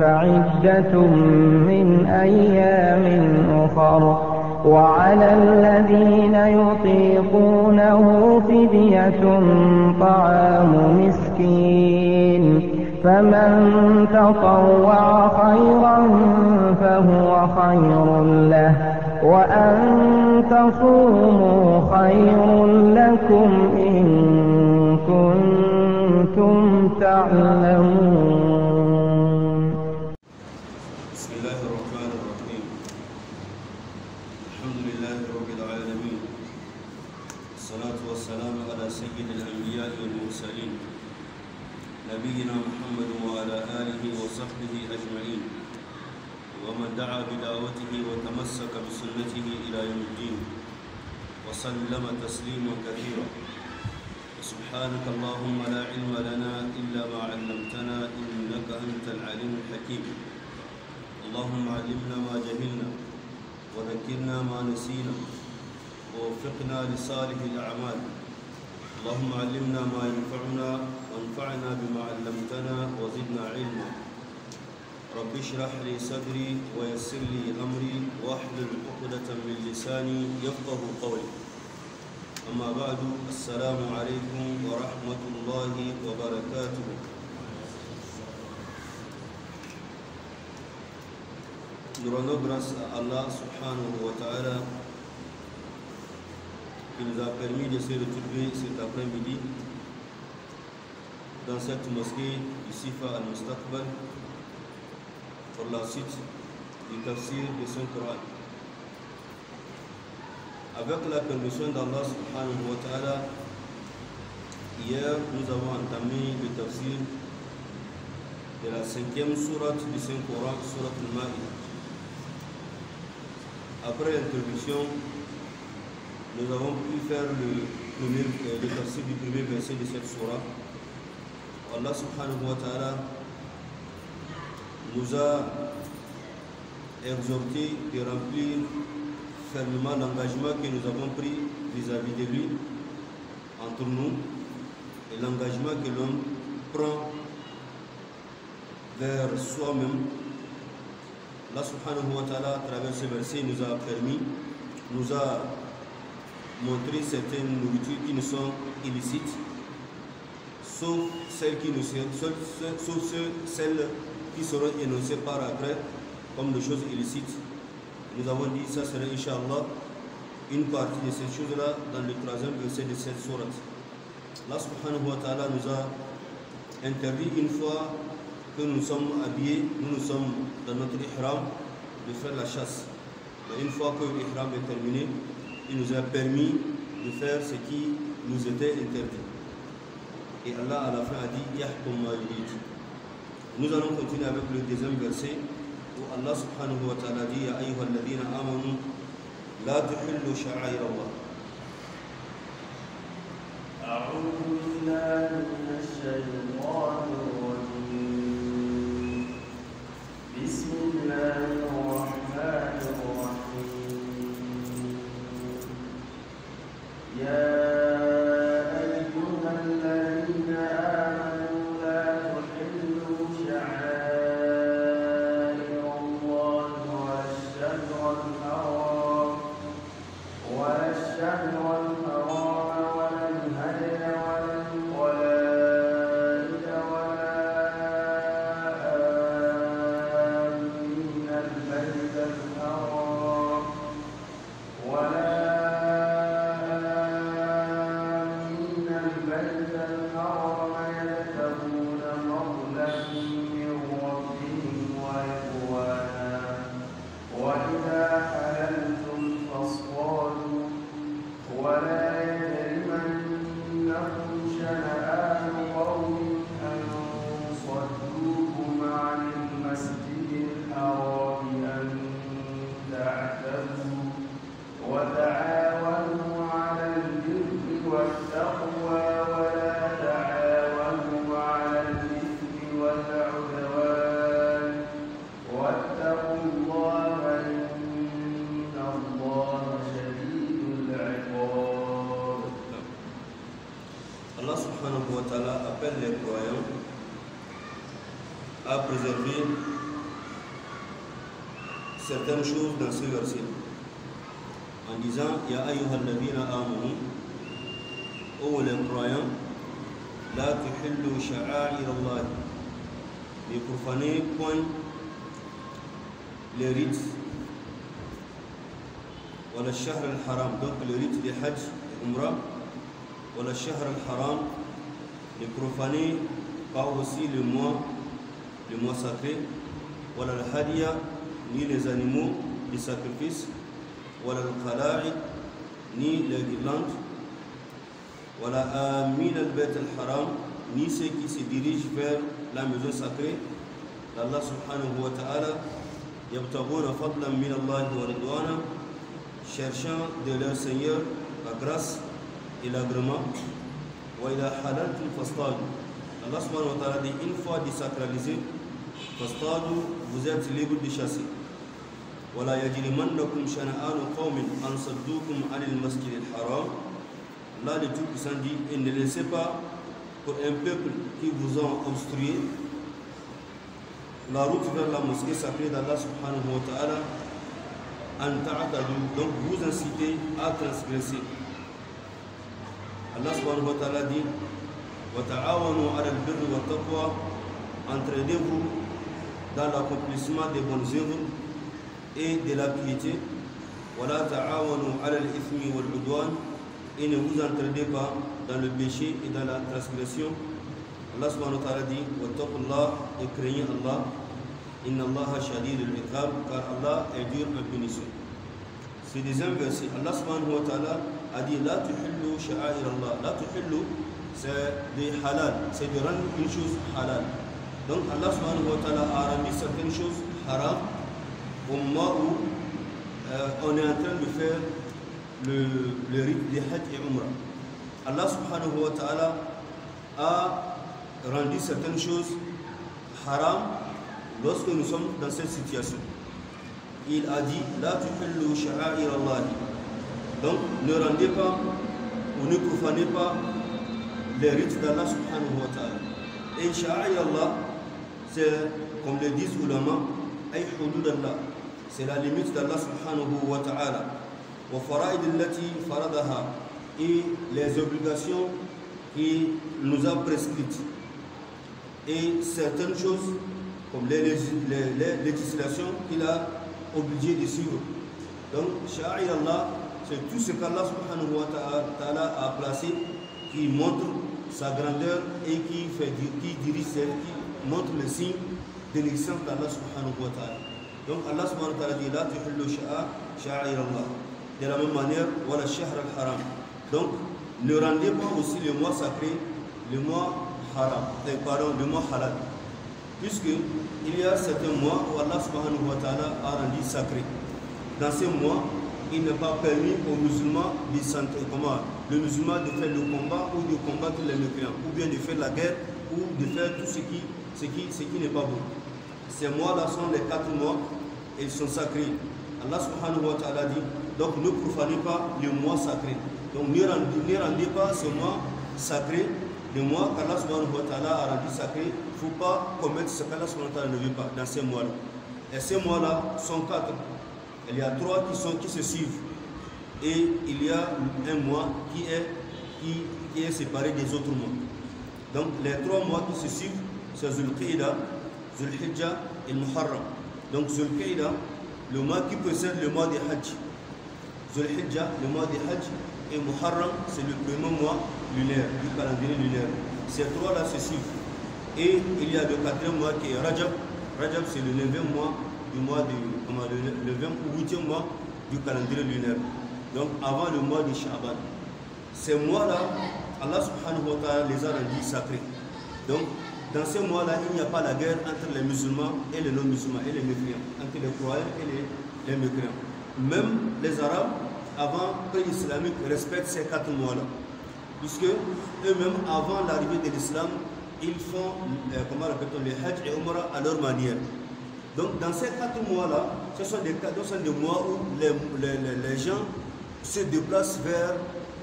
فعدة من أيام أخر وعلى الذين يطيقونه فدية طعام مسكين فمن تطوع خيرا فهو خير له وأن تصوموا خير لكم إن كنتم تعلمون نبينا محمد وعلى آله وصحبه أجمعين ومن دعا بدعوته وتمسك بسنته إلى يوم الدين وسلم تسليما كثيرا سبحانك اللهم لا علم لنا إلا ما علمتنا إنك أنت العليم الحكيم اللهم علمنا ما جهلنا وذكرنا ما نسينا ووفقنا لصالح الأعمال اللهم علمنا ما ينفعنا وانفعنا بما علمتنا وزدنا علما رب اشرح لي صدري ويسر لي أمري واحلل عقدة من لساني يفقه قولي أما بعد السلام عليكم ورحمة الله وبركاته Nous برس الله سبحانه وتعالى subhanahu qui nous a permis de se retrouver cet après-midi dans cette mosquée ici al Mustaqbal pour la suite du tafsir de saint Coran. Avec la permission d'Allah subhanahu wa ta'ala, hier nous avons entamé le tafsir de la cinquième sourate du Saint-Coran, sourate al-Ma'id. Après l'introduction, nous avons pu faire le, premier, euh, tafsir du premier verset de cette sourate Allah subhanahu wa ta'ala nous a exhortés de remplir fermement l'engagement que nous avons pris vis-à-vis de lui entre nous et l'engagement que l'homme prend vers soi-même. Allah subhanahu wa ta'ala à travers ce verset nous a permis, nous a montré certaines nourritures qui nous sont illicites sauf celles qui nous celles qui seront énoncées par après, comme les choses illicites. Nous avons dit ça serait, Inch'Allah, une partie de ces choses-là dans le troisième verset de cette sourate. Allah subhanahu wa ta'ala nous a interdit une fois que nous sommes habillés, nous nous sommes dans notre ihram, de faire la chasse. Mais une fois que l'ihram est terminé, il nous a permis de faire ce qui nous était interdit. et Allah à la fin a dit Yahkum ma yurid. Nous allons continuer avec le deuxième verset où Allah subhanahu wa ta'ala dit Ya ayyuha alladhina amanu la tuhillu sha'air Allah. أعوذ بالله من الشيطان ظاهر شو ناسي ورسي عندزا يا أيها الذين آمنوا أول إبراهيم لا تحلوا شعائر الله بكفنيكم لريت ولا الشهر الحرام دوك لريت لحج عمرة ولا الشهر الحرام لكروفاني باوسي لموا لموا ساكري ولا الهدية ni les animaux, les sacrifices, le القلاع ni les guirlandes, voilà al آمين al-haram, ni ceux qui se dirigent vers la maison sacrée Allah subhanahu wa ta'ala يبتغون min Allah wa ridwana, cherchant de leur Seigneur la grâce et l'agrément وإذا حللتم فاصطادوا Allah subhanahu wa ta'ala dit une fois désacralisé, Fastadu, vous êtes libre de chasser. ولا يجرمنكم شنآن قوم أن صدوكم عن المسجد الحرام لا لتوك سندي إن لسيبا pour un peuple qui vous a obstrué la route vers la mosquée sacrée d'Allah subhanahu wa ta'ala en ta'atadu, donc vous incitez à transgresser. Allah subhanahu wa ta'ala dit, wa ta'awanu ala al-birri wa taqwa, entraînez-vous dans l'accomplissement des bonnes œuvres et de la piété. Voilà et ne vous entraînez pas dans le péché et dans la transgression. Allah subhanahu wa ta'ala dit Wattaqullah et craignez Allah. Inna Allah shadid al car Allah est dur en punition. C'est des verset. Allah subhanahu wa ta'ala a dit La tuhillu sha'air Allah. La tuhillu, c'est des halal, c'est de rendre une chose halal. Donc Allah subhanahu wa ta'ala a rendu certaines choses haram au moment où euh, on est en train de faire le, le rite des Hajj et Umrah. Allah subhanahu wa ta'ala a rendu certaines choses haram lorsque nous sommes dans cette situation. Il a dit La le sha'air Allah. Donc ne rendez pas ou ne profanez pas les rites d'Allah subhanahu wa ta'ala. Et Sha'a'i Allah, c'est comme le disent ulama, ay c'est la limite d'Allah subhanahu wa ta'ala. Et les obligations qu'il nous a prescrites. Et certaines choses, comme les, législations qu'il a obligé de suivre. Donc, Sha'ir Allah, c'est tout ce qu'Allah subhanahu wa ta'ala a placé qui montre sa grandeur et qui, fait, qui dirige, qui montre le signe de l'existence d'Allah subhanahu wa ta'ala. Donc Allah subhanahu wa ta'ala dit La tuhillu Allah. De la même manière, voilà shahr al-haram. Donc, ne rendez pas aussi le mois sacré, le mois haram, eh, pardon, le mois halal. Puisque il y a certains mois où Allah subhanahu wa ta'ala a rendu sacré. Dans ces mois, il n'est pas permis aux musulmans de s'entrer, comment le musulman de faire le combat ou de combattre les mécréants, ou bien de faire la guerre ou de faire tout ce qui, ce qui, ce qui n'est pas bon. Ces mois-là sont les quatre mois ils sont sacrés. Allah subhanahu wa ta'ala dit, donc ne profanez pas le mois sacré. Donc ne rendez, pas ce mois sacré, le mois qu'Allah subhanahu wa ta'ala a rendu sacré. Il ne faut pas commettre ce qu'Allah subhanahu wa ta'ala ne veut pas dans ces mois-là. Et ces mois-là sont quatre. Il y a trois qui, sont, qui se suivent. Et il y a un mois qui est, qui, est séparé des autres mois. Donc les trois mois qui se suivent, c'est Zul-Qidah, Zul-Hijjah et Muharram. Donc sur le mois qui possède le mois des Hajj. Zulhijja, le mois des Hajj. Et Muharram, c'est le premier mois lunaire, du calendrier lunaire. Ces trois-là se suivent. Et il y a le quatrième mois qui est Rajab. Rajab, c'est le 9e mois du mois 8e mois du calendrier lunaire. Donc avant le mois de Shaban. Ces mois-là, Allah subhanahu wa ta'ala les a rendus sacrés. Donc dans ces mois-là, il n'y a pas la guerre entre les musulmans et les non-musulmans, et les migrants, entre les croyants et les, les Même les Arabes, avant que l'islamique respectent ces quatre mois-là. Puisque eux-mêmes, avant l'arrivée de l'islam, ils font, euh, comment les Hajj et Umrah à leur manière. Donc, dans ces quatre mois-là, ce sont des, mois où les, gens se déplacent vers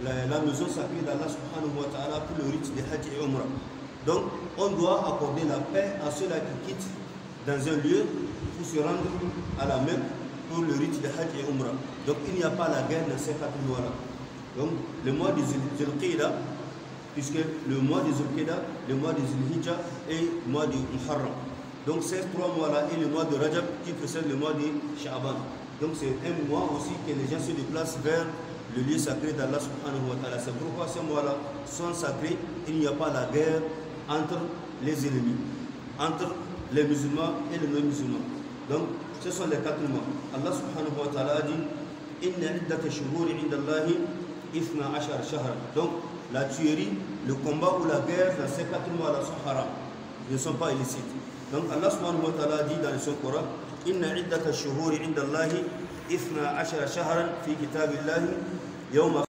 la, maison sacrée d'Allah subhanahu wa ta'ala pour le rite des Hajj et Umrah. Donc, on doit accorder la paix à ceux-là qui quittent dans un lieu pour se rendre à la Mecque pour le rite de Hajj et Umrah. Donc, il n'y a pas la guerre dans ces quatre mois-là. Donc, le mois de Zulqida, puisque le mois de Zulqida, le mois de Zulhijja et le mois de Muharram. Donc, ces trois mois-là et le mois de Rajab qui précède le mois de Sha'ban. Donc, c'est un mois aussi que les gens se déplacent vers le lieu sacré d'Allah subhanahu wa ta'ala. C'est pourquoi ces mois-là sont sacrés, il n'y a pas la guerre entre les ennemis, entre les musulmans et les non-musulmans. Donc, ce sont les quatre mois. Allah subhanahu wa ta'ala dit Inna iddat shahra. Donc, la tuerie, le combat ou la guerre dans ces quatre mois là sont haram, ne sont pas illicites. Donc, Allah subhanahu wa ta'ala dit dans son Coran Inna iddata shuhuri indallahi ifna ashara shahra fi kitabillahi yawma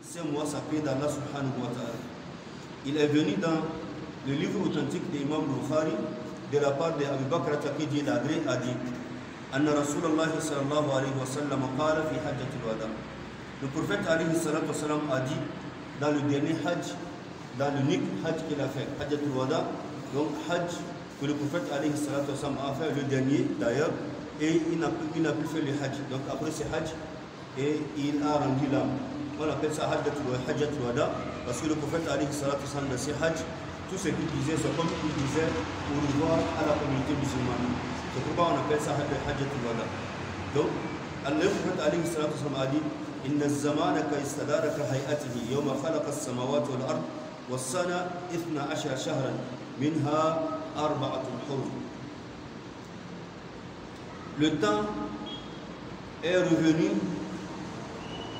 ces mois s'appellent d'Allah subhanahu wa ta'ala. Il est venu dans le livre authentique de l'imam Bukhari de la part de Abu Bakr Taqidi Lagré a dit أن رسول الله صلى الله عليه وسلم قال في حجة الوداع Le prophète alayhi salatu wasalam a dit dans le dernier hajj, dans l'unique hajj qu'il a fait, hajj al-wada, donc hajj que le prophète alayhi salatu wasalam a fait, le dernier d'ailleurs, et il n'a plus, plus fait le hajj. Donc après ce hajj, et il a rendu l'âme. On appelle ça hajj al-wada parce que le prophète alayhi salatu wasalam dans ce hajj, Tout ce qu'il disait, c'est comme il disait pour à la communauté musulmane. C'est pourquoi on appelle ça le Hajjat Donc, Allah a dit Le temps est revenu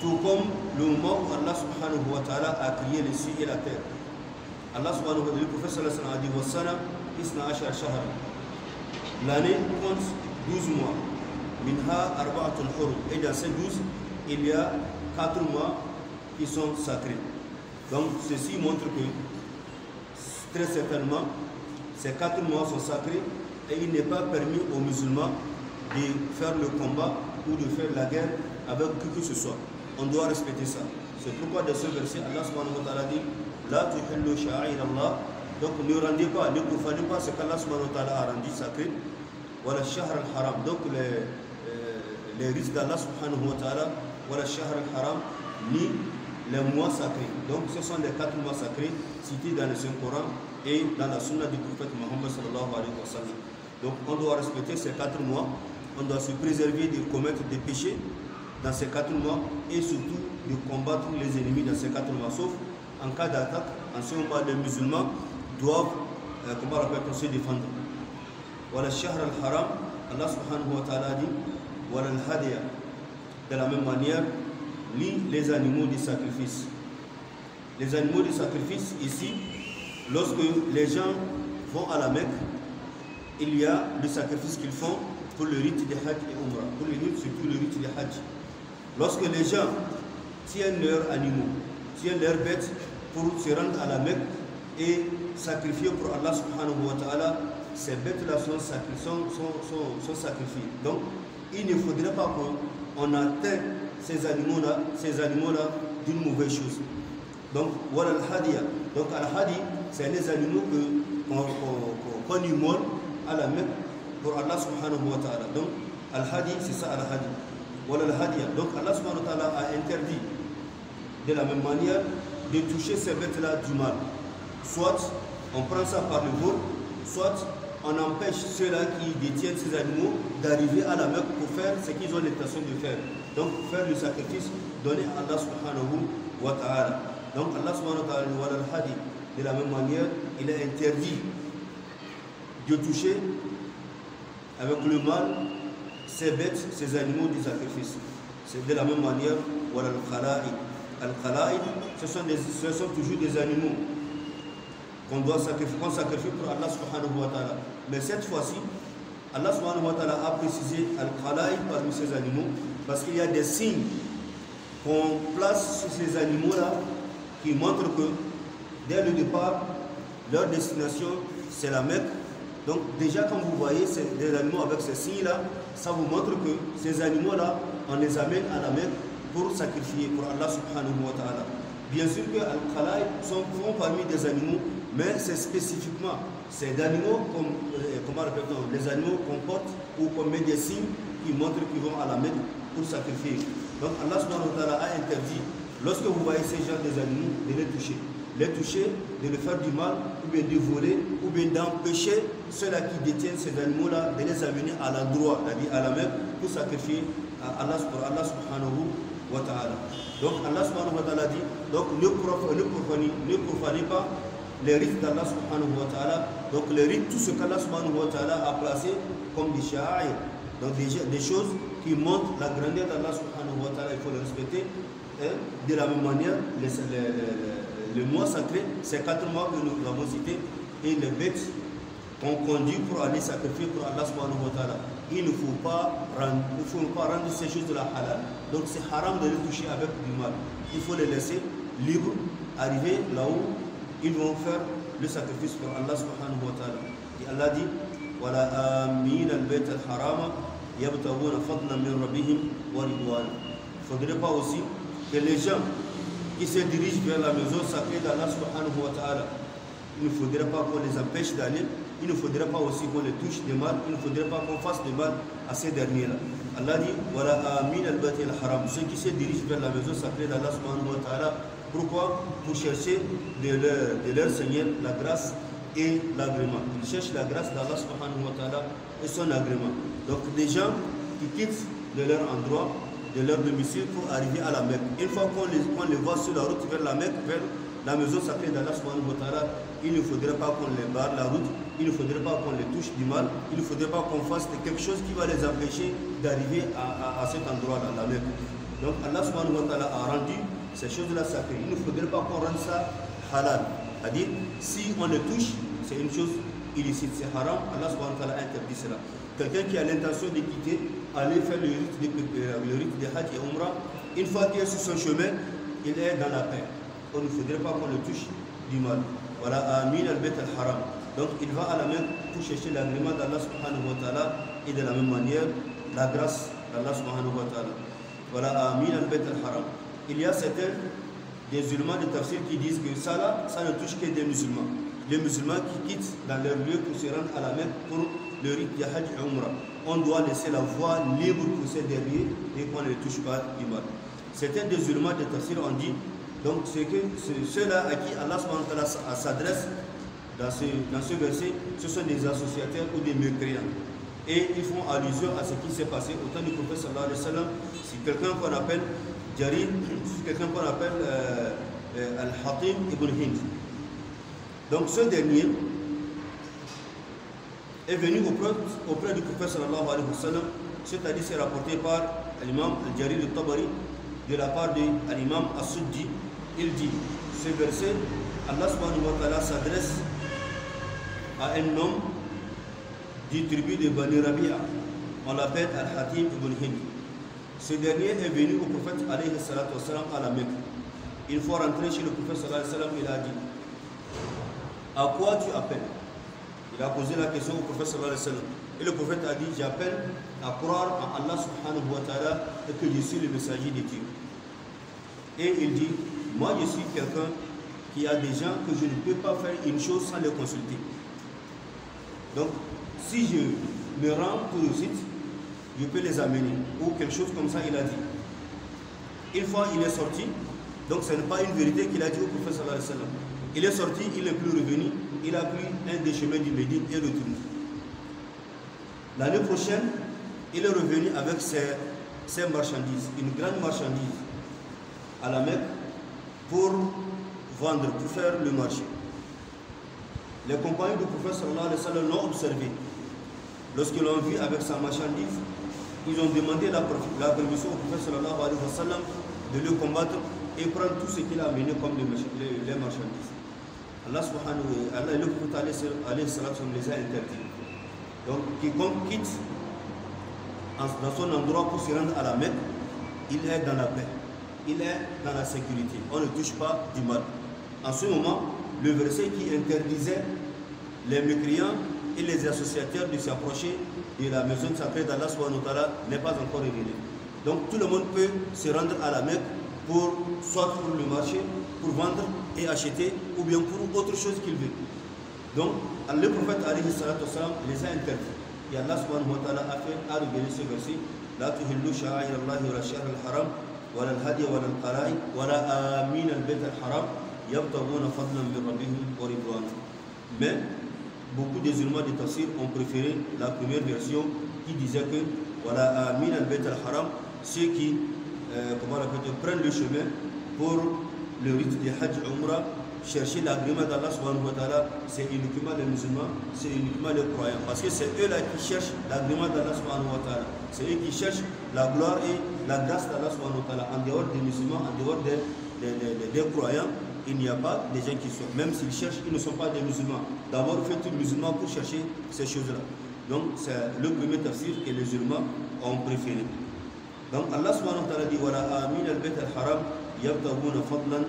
tout comme le moment où Allah subhanahu wa ta'ala a créé les cieux et la terre. Allah subhanahu wa ta'ala, le prophète sallallahu alayhi wa sallam, isna ashar shahara. L'année compte 12 mois. Minha arba'atun Et dans ces 12, il y a 4 mois qui sont sacrés. Donc ceci montre que très certainement, ces quatre mois sont sacrés et il n'est pas permis aux musulmans de faire le combat ou de faire la guerre avec qui que ce soit. On doit respecter ça. C'est pourquoi dans ce verset, Allah subhanahu wa ta'ala dit la tuhillu sha'ir Allah. Donc ne rendez pas, ne profanez pas ce qu'Allah subhanahu wa ta'ala a rendu sacré. Voilà shahr al-haram. Donc euh, les, risques d'Allah subhanahu wa ta'ala, voilà shahr al-haram, ni les mois sacrés. Donc ce sont les quatre mois sacrés cités dans le Saint-Coran et dans la sunna du prophète Mohammed sallallahu alayhi wa sallam. Donc on doit respecter ces quatre mois, on doit se préserver de commettre des péchés dans ces quatre mois et surtout de combattre les ennemis dans ces quatre mois, sauf en cas d'attaque, en ce moment, les musulmans doivent, euh, comment se défendre. Voilà, Shahr al-Haram, Allah subhanahu wa ta'ala dit, voilà al De la même manière, ni les animaux de sacrifice. Les animaux de sacrifice, ici, lorsque les gens vont à la Mecque, il y a le sacrifice qu'ils font pour le rite des Hajj et Umrah, pour le rite, surtout le rite des Hajj. Lorsque les gens tiennent leurs animaux, tiennent leurs bêtes pour se rendre à la Mecque et sacrifier pour Allah subhanahu wa ta'ala, ces bêtes-là sont, sont, sont, sont, sacrifiées. Donc, il ne faudrait pas qu'on atteigne ces animaux-là ces animaux là d'une mauvaise chose. Donc, voilà al-hadiya. Donc, al-hadi, c'est les animaux qu'on qu mort à la Mecque pour Allah subhanahu wa ta'ala. Donc, al-hadi, c'est ça al-hadi. Voilà hadiya Donc, Allah subhanahu wa ta'ala a interdit de la même manière de toucher ces bêtes-là du mal. Soit on prend ça par le vol, soit on empêche ceux-là qui détiennent ces animaux d'arriver à la Mecque pour faire ce qu'ils ont l'intention de faire. Donc faire le sacrifice donné à Allah subhanahu wa ta'ala. Donc Allah subhanahu wa ta'ala De la même manière, il est interdit de toucher avec le mal ces bêtes, ces animaux du sacrifice. C'est de la même manière, voilà le al ce, sont toujours des animaux qu'on doit sacrifier, pour Allah subhanahu wa ta'ala. Mais cette fois-ci, Allah subhanahu wa ta'ala a précisé al khalaï parmi ces animaux parce qu'il y a des signes qu'on place sur ces animaux-là qui montrent que dès le départ, leur destination c'est la Mecque. Donc déjà quand vous voyez ces, des animaux avec ces signes-là, ça vous montre que ces animaux-là, on les amène à la Mecque pour sacrifier pour Allah subhanahu wa ta'ala. Bien sûr que Al-Khalaï sont parmi des animaux, mais c'est spécifiquement ces animaux, comme, euh, les animaux qu'on porte ou qu'on met des signes qui montrent qu'ils vont à la mer pour sacrifier. Donc Allah subhanahu wa ta'ala a interdit, lorsque vous voyez ces gens des animaux, de les toucher. Les toucher, de les faire du mal, ou bien de voler, ou bien d'empêcher ceux-là qui détiennent ces animaux-là de les amener à l'endroit, à la mer pour sacrifier à Allah, subhanahu wa ta'ala. Donc Allah subhanahu wa ta'ala dit, donc ne profanez, ne pas les rites d'Allah subhanahu wa ta'ala. Donc les rites, tout ce qu'Allah subhanahu wa ta'ala a placé comme des sha'aï, donc des, choses qui montrent la grandeur d'Allah subhanahu wa ta'ala, il faut le respecter. Et hein. de la même manière, les, mois sacré, ces quatre mois que nous avons cité, et les bêtes qu'on conduit pour aller sacrifier pour Allah subhanahu wa ta'ala il ne faut pas rendre, faut pas rendre ces choses-là halal. Donc c'est haram de les toucher avec du mal. Il faut les laisser libres, arriver là où ils vont faire le sacrifice pour Allah subhanahu wa ta'ala. Et Allah dit voilà, min wa ridwan. Il ne faudrait pas aussi que les gens qui se dirigent vers la maison sacrée d'Allah subhanahu wa ta'ala, il ne faudrait pas qu'on les empêche d'aller il ne faudrait pas aussi qu'on les touche de mal, il ne faudrait pas qu'on fasse de mal à ces derniers-là. Allah dit Voilà, Amin al haram. Ceux qui se dirigent vers la maison sacrée d'Allah subhanahu wa ta'ala, pourquoi Pour chercher de leur, de Seigneur la grâce et l'agrément. Ils cherchent la grâce d'Allah subhanahu wa ta'ala et son agrément. Donc, des gens qui quittent de leur endroit, de leur domicile pour arriver à la Mecque. Une fois qu'on les, les voit sur la route vers la Mecque, vers la maison sacrée d'Allah subhanahu wa ta'ala, il ne faudrait pas qu'on les barre la route, il ne faudrait pas qu'on les touche du mal, il ne faudrait pas qu'on fasse quelque chose qui va les empêcher d'arriver à, cet endroit dans la mer. Donc Allah subhanahu wa ta'ala a rendu ces choses-là sacrées. Il ne faudrait pas qu'on rende ça halal. C'est-à-dire, si on le touche, c'est une chose illicite, c'est haram, Allah subhanahu wa ta'ala interdit cela. Quelqu'un qui a l'intention de quitter, aller faire le rite, de, euh, le rite de Hajj et Umrah, une fois qu'il est sur son chemin, il est dans la paix. On ne faudrait pas qu'on le touche du mal. Voilà, Amin al bet al-Haram. Donc il va à la mer pour chercher l'agrément d'Allah subhanahu wa ta'ala et de la même manière la grâce d'Allah subhanahu wa ta'ala. Voilà, Amin al bet al-Haram. Il y a certains des musulmans de tafsir qui disent que ça là, ça ne touche que des musulmans. Les musulmans qui quittent dans leur lieu pour se rendre à la mer pour le rite Yahad On doit laisser la voie libre pour ces derniers et qu'on ne les touche pas du Certains des musulmans de tafsir ont dit donc ceux-là à qui Allah euh, s'adresse dans ce, dans ce verset, ce sont des associateurs ou des mécréants. Et ils font allusion à ce qui s'est passé au temps du prophète sallallahu alayhi wa sallam. Si quelqu'un qu'on appelle quelqu'un qu'on appelle euh, euh, Al-Hatim ibn Hind. Donc ce dernier est venu auprès, auprès du prophète sallallahu alayhi wa sallam, c'est-à-dire c'est rapporté par l'imam Al-Jarir de tabari de la part de l'imam as il dit, ce verset, Allah s'adresse à un homme du tribu de Bani Rabia. On l'appelle Al-Hatim ibn Hini. Ce dernier est venu au prophète alayhi à la Mecque. Une fois rentré chez le prophète alayhi il a dit À quoi tu appelles Il a posé la question au prophète alayhi Et le prophète a dit J'appelle à croire à Allah subhanahu wa ta'ala et que je suis le messager de Dieu. Et il dit, moi je suis quelqu'un qui a des gens que je ne peux pas faire une chose sans les consulter. Donc, si je me rends pour le site, je peux les amener. Ou quelque chose comme ça, il a dit. Une fois, il est sorti. Donc, ce n'est pas une vérité qu'il a dit au professeur Il est sorti, il n'est plus revenu. Il a pris un des chemins du Médine et retourné. L'année prochaine, il est revenu avec ses, ses marchandises, une grande marchandise à la Mecque pour vendre, pour faire le marché. Les compagnons du Professeur l'ont observé. Lorsqu'ils l'ont vu avec sa marchandise, ils ont demandé la, permission au Professeur sallallahu de le combattre et prendre tout ce qu'il a amené comme les, marchandises. Allah subhanahu wa ta'ala et le prophète les a interdits. Donc quiconque quitte dans son endroit pour se rendre à la Mecque, il est dans la paix il est dans la sécurité. On ne touche pas du mal. En ce moment, le verset qui interdisait les mécréants et les associateurs de s'approcher de la maison sacrée d'Allah n'est pas encore révélé. Donc tout le monde peut se rendre à la Mecque pour soit pour le marché, pour vendre et acheter, ou bien pour autre chose qu'il veut. Donc le prophète les a interdits. Et Allah a fait ce verset. ولا الهدي ولا القرائن ولا آمين البيت الحرام يبتغون فضلا من ربهم ورضوانا Mais beaucoup des éléments de tafsir ont préféré la première version qui disait que voilà amin al-bayt al-haram ceux qui euh, comment on appelle, prennent le chemin pour le rite des hajj umrah chercher l'agrément d'Allah c'est uniquement les musulmans, c'est uniquement les croyants. Parce que c'est eux là qui cherchent l'agrément d'Allah C'est eux qui cherchent la gloire et la grâce d'Allah En dehors des musulmans, en dehors des, des, des, des croyants, il n'y a pas des gens qui sont. Même s'ils cherchent, ils ne sont pas des musulmans. D'abord, faites musulman pour chercher ces choses-là. Donc, c'est le premier tafsir que les musulmans ont préféré. Donc, Allah subhanahu wa ta'ala dit, « amin al-bayt al-haram yabtaguna fadlan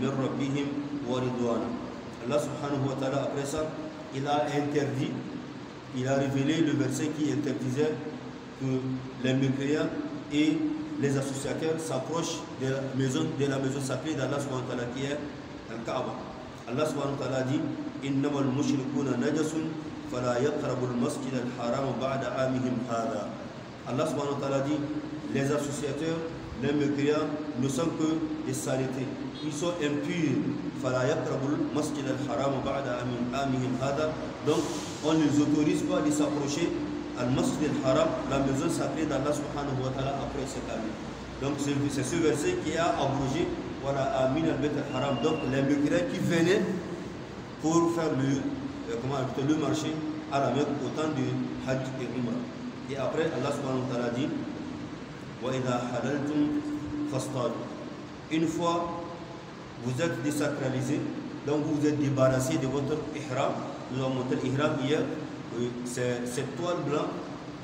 min rabbihim » Allah subhanahu wa ta'ala, après ça, il a interdit, il a révélé le verset qui interdisait que les mécréants et les associateurs s'approchent de la maison, de la sacrée d'Allah subhanahu wa ta'ala qui est Al-Kaaba. Allah subhanahu wa ta'ala dit Allah subhanahu wa ta'ala dit les associateurs, les mécréants ne sont que des saletés. Ils sont impurs. Donc, on ne les autorise pas de s'approcher al-masjid al-haram, la maison sacrée d'Allah subhanahu wa ta'ala après cette année. Donc, c'est ce verset qui a abrogé voilà, Amin al bet al-Haram. Donc, les migrants qui venaient pour faire le, euh, comment, le marché à la maison au temps du Hajj et Umrah. Et après, Allah subhanahu wa ta'ala dit une fois vous êtes désacralisé, donc vous vous êtes débarrassé de votre ihram. Nous avons montré l'ihram hier. Euh, c'est cette toile blanche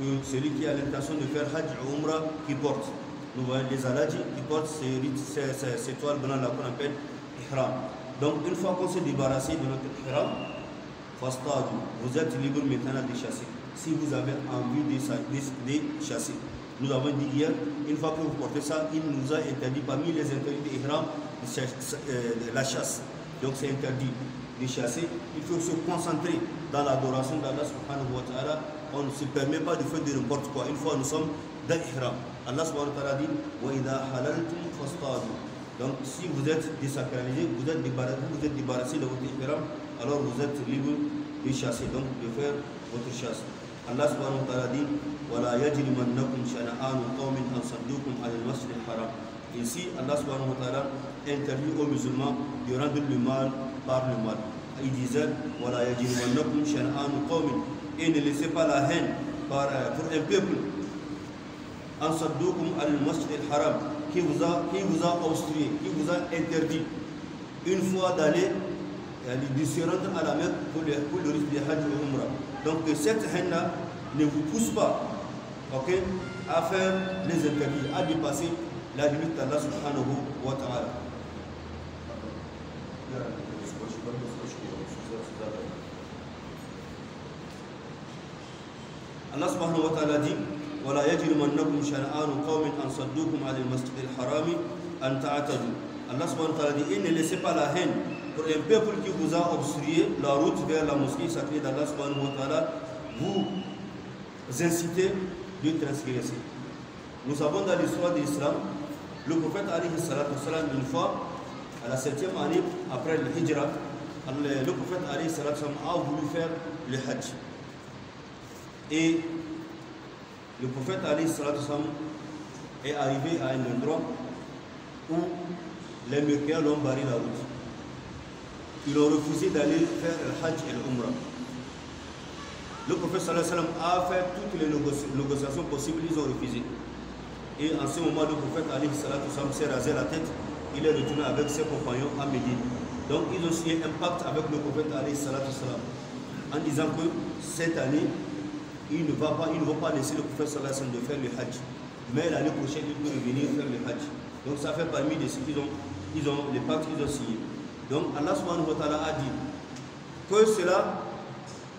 que celui qui a l'intention de faire Hajj ou Umrah qui porte. Nous voyons les aladji qui portent cette toile blanche qu'on appelle ihram. Donc une fois qu'on s'est débarrassé de notre ihram, vous êtes libre maintenant de chasser. Si vous avez envie de chasser. Nous avons dit hier, une fois que vous portez ça, il nous a interdit parmi les interdits euh, de la chasse. Donc c'est interdit de chasser. Il faut se concentrer dans l'adoration d'Allah subhanahu wa ta'ala. On ne se permet pas de faire de n'importe quoi. Une fois nous sommes dans l'Ihram. Allah subhanahu wa ta'ala dit Donc si vous êtes désacralisé, vous êtes débarrassé, vous êtes débarrassé de votre Ihram, alors vous êtes libre de chasser, donc de faire votre chasse. الله سبحانه وتعالى دين ولا يجرمنكم شنآن قوم أن صدوكم على المسجد الحرام Ici, Allah subhanahu wa ta'ala interdit aux musulmans de rendre le mal par le mal. Il disait, voilà, et ne laissez pas la haine par, pour un peuple. Ansadoukum al-Masjid al-Haram, qui vous a, qui vous a obstrué, qui vous a interdit une fois d'aller, de se rendre à la Mecque pour le, pour le risque de Hajj ou Umrah. Donc cette haine-là ne vous pousse pas okay, à faire les interdits, à dépasser la limite d'Allah subhanahu wa ta'ala. Allah subhanahu wa ta'ala dit ولا يجرمنكم شنآن قوم أن صدوكم عن المسجد الحرام أن تعتدوا Allah subhanahu wa ta'ala dit et ne laissez pas la haine pour un peuple qui vous a obstrué la route vers la mosquée sacrée d'Allah vous incitez de transgresser. Nous avons dans l'histoire de l'islam, le prophète alayhi salam, une fois, à la septième année après le hijra, le prophète alayhi a voulu faire le hajj. Et le prophète alayhi est arrivé à un endroit où les mécréants l'ont barré la route ils ont refusé d'aller faire le Hajj et le Le prophète a fait toutes les négociations possibles, ils ont refusé. Et en ce moment, le prophète Ali s'est rasé la tête, il est retourné avec ses compagnons à Médine. Donc ils ont signé un pacte avec le prophète Ali en disant que cette année, ils ne vont pas laisser le prophète de faire le Hajj. Mais l'année prochaine, ils vont revenir faire le Hajj. Donc ça fait parmi des, ils ont, ils ont, les pactes qu'ils ont signés. Donc Allah subhanahu wa ta'ala a dit que cela,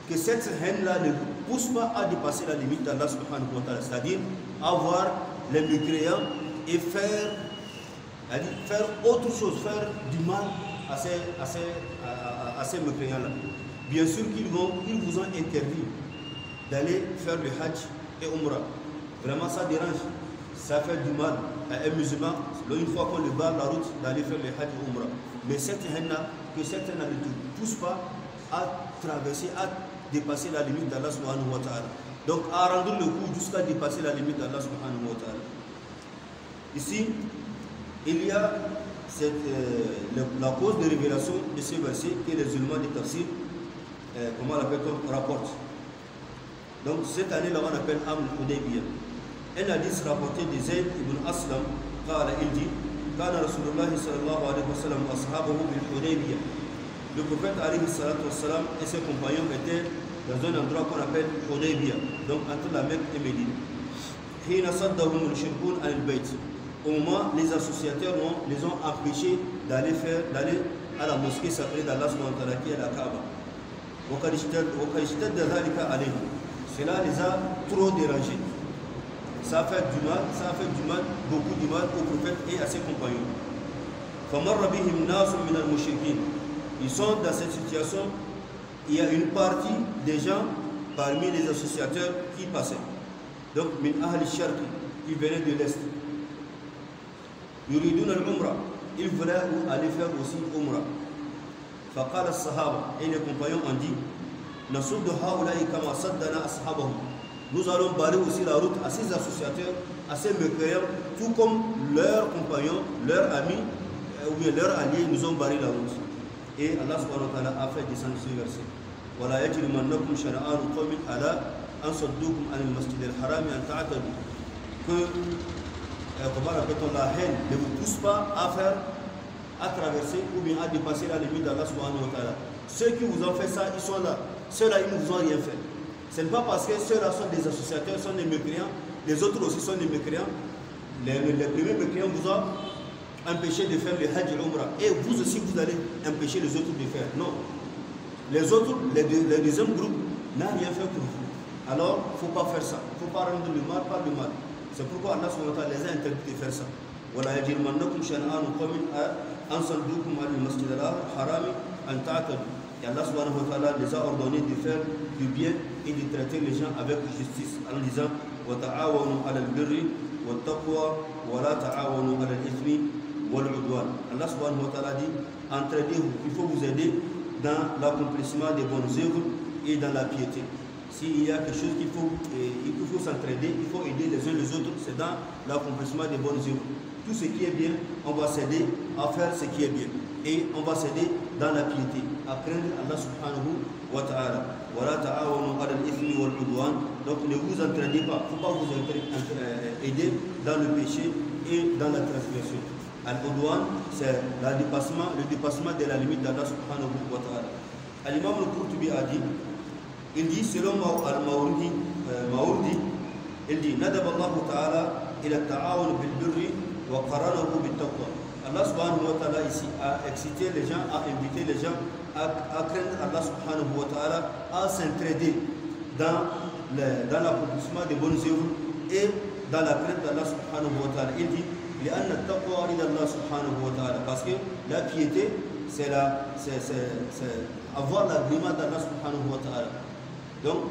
que cette haine-là ne pousse pas à dépasser la limite d'Allah subhanahu c'est-à-dire avoir les mécréants et faire, faire autre chose, faire du mal à ces, à mécréants-là. Bien sûr qu'ils vont, ils vous ont interdit d'aller faire le hajj et umrah. Vraiment, ça dérange ça fait du mal à un musulman, une fois qu'on le barre la route, d'aller faire le Hajj ou Umrah. Mais cette année, que cette année ne te pousse pas à traverser, à dépasser la limite d'Allah subhanahu wa ta'ala. Donc à rendre le coup jusqu'à dépasser la limite d'Allah subhanahu wa ta'ala. Ici, il y a euh, la cause de révélation de ce verset que les éléments de tafsir, euh, comment l'appelle-t-on, rapporte. Donc cette année-là, on appelle Amr Hudaybiyah un hadith rapporté de Zayd ibn Aslam, il dit كان رسول الله صلى الله عليه وسلم وأصحابه بالحديبية Le prophète الصلاة والسلام et ses compagnons étaient dans un endroit qu'on appelle Hudaybiyah, donc entre la Mecque et Médine. Au moment, les associateurs ont, les ont empêchés d'aller faire, d'aller à la mosquée sacrée d'Allah qui est la Kaaba. ذلك Cela les a trop dérangés ça a fait du mal, ça a fait du mal, beaucoup du mal au prophète et à ses compagnons. Ils sont dans cette situation, il y a une partie des gens parmi les associateurs qui passaient. Donc, min qui venaient de l'Est. al ils voulaient aller faire aussi Umra. Faqal et les compagnons ont dit, nous allons barrer aussi la route à ces associateurs, à ces mécréants, tout comme leurs compagnons, leurs amis, euh, ou bien leurs alliés nous ont barré la route. Et Allah subhanahu wa ta'ala a fait descendre ce verset. ولا يجرمنكم شنآن قوم على أن صدوكم عن المسجد الحرام أن haram que euh, comment appelle-t-on la haine ne vous pousse pas à faire à traverser ou bien à dépasser la limite d'Allah subhanahu wa ta'ala ceux qui vous ont fait ça ils sont là ceux-là ils ne vous ont rien fait ce n'est pas parce que ceux-là sont des associateurs, sont des mécréants, les autres aussi sont des mécréants. Les, les premiers mécréants vous ont empêché de faire le Hajj et Et vous aussi, vous allez empêcher les autres de faire. Non. Les autres, les, les deuxième groupe, n'a rien fait pour vous. Alors, il ne faut pas faire ça. Il ne faut pas rendre le mal par le mal. C'est pourquoi Allah les a interdit de faire ça. Voilà, il يجرمنكم شنآن قوم أن صدوكم al المسجد الحرام أن تعتدوا. Et Allah subhanahu wa ta'ala les a ordonné de faire du bien et de traiter les gens avec justice en disant Allah subhanahu wa ta'ala dit entraidez-vous, il faut vous aider dans l'accomplissement des bonnes œuvres et dans la piété. S'il y a quelque chose qu'il faut, il faut s'entraider, il faut aider les uns les autres, c'est dans l'accomplissement des bonnes œuvres. Tout ce qui est bien, on va s'aider à faire ce qui est bien. Et on va s'aider dans la piété, à craindre Allah subhanahu وتعالى ولا تعاونوا على الاثم والعدوان donc ne vous entraînez pas faut pas vous aider dans le péché et dans la transgression Al-Udwan, c'est le dépassement, le dépassement de la limite d'Allah subhanahu wa ta'ala. Al-Imam al-Qurtubi a dit, il dit, selon Al-Maurdi, Maurdi, il dit, Nadab Allah ta'ala ila ta'awun bil birri wa qaranahu bil taqwa. Allah subhanahu wa ta'ala ici a excité les gens, a invité les gens à, à craindre Allah subhanahu wa ta'ala, à s'entraider dans, dans l'accomplissement des bonnes œuvres et dans la crainte d'Allah subhanahu wa ta'ala. Il dit parce que la piété, c'est avoir la l'agrément d'Allah subhanahu wa ta'ala. Donc,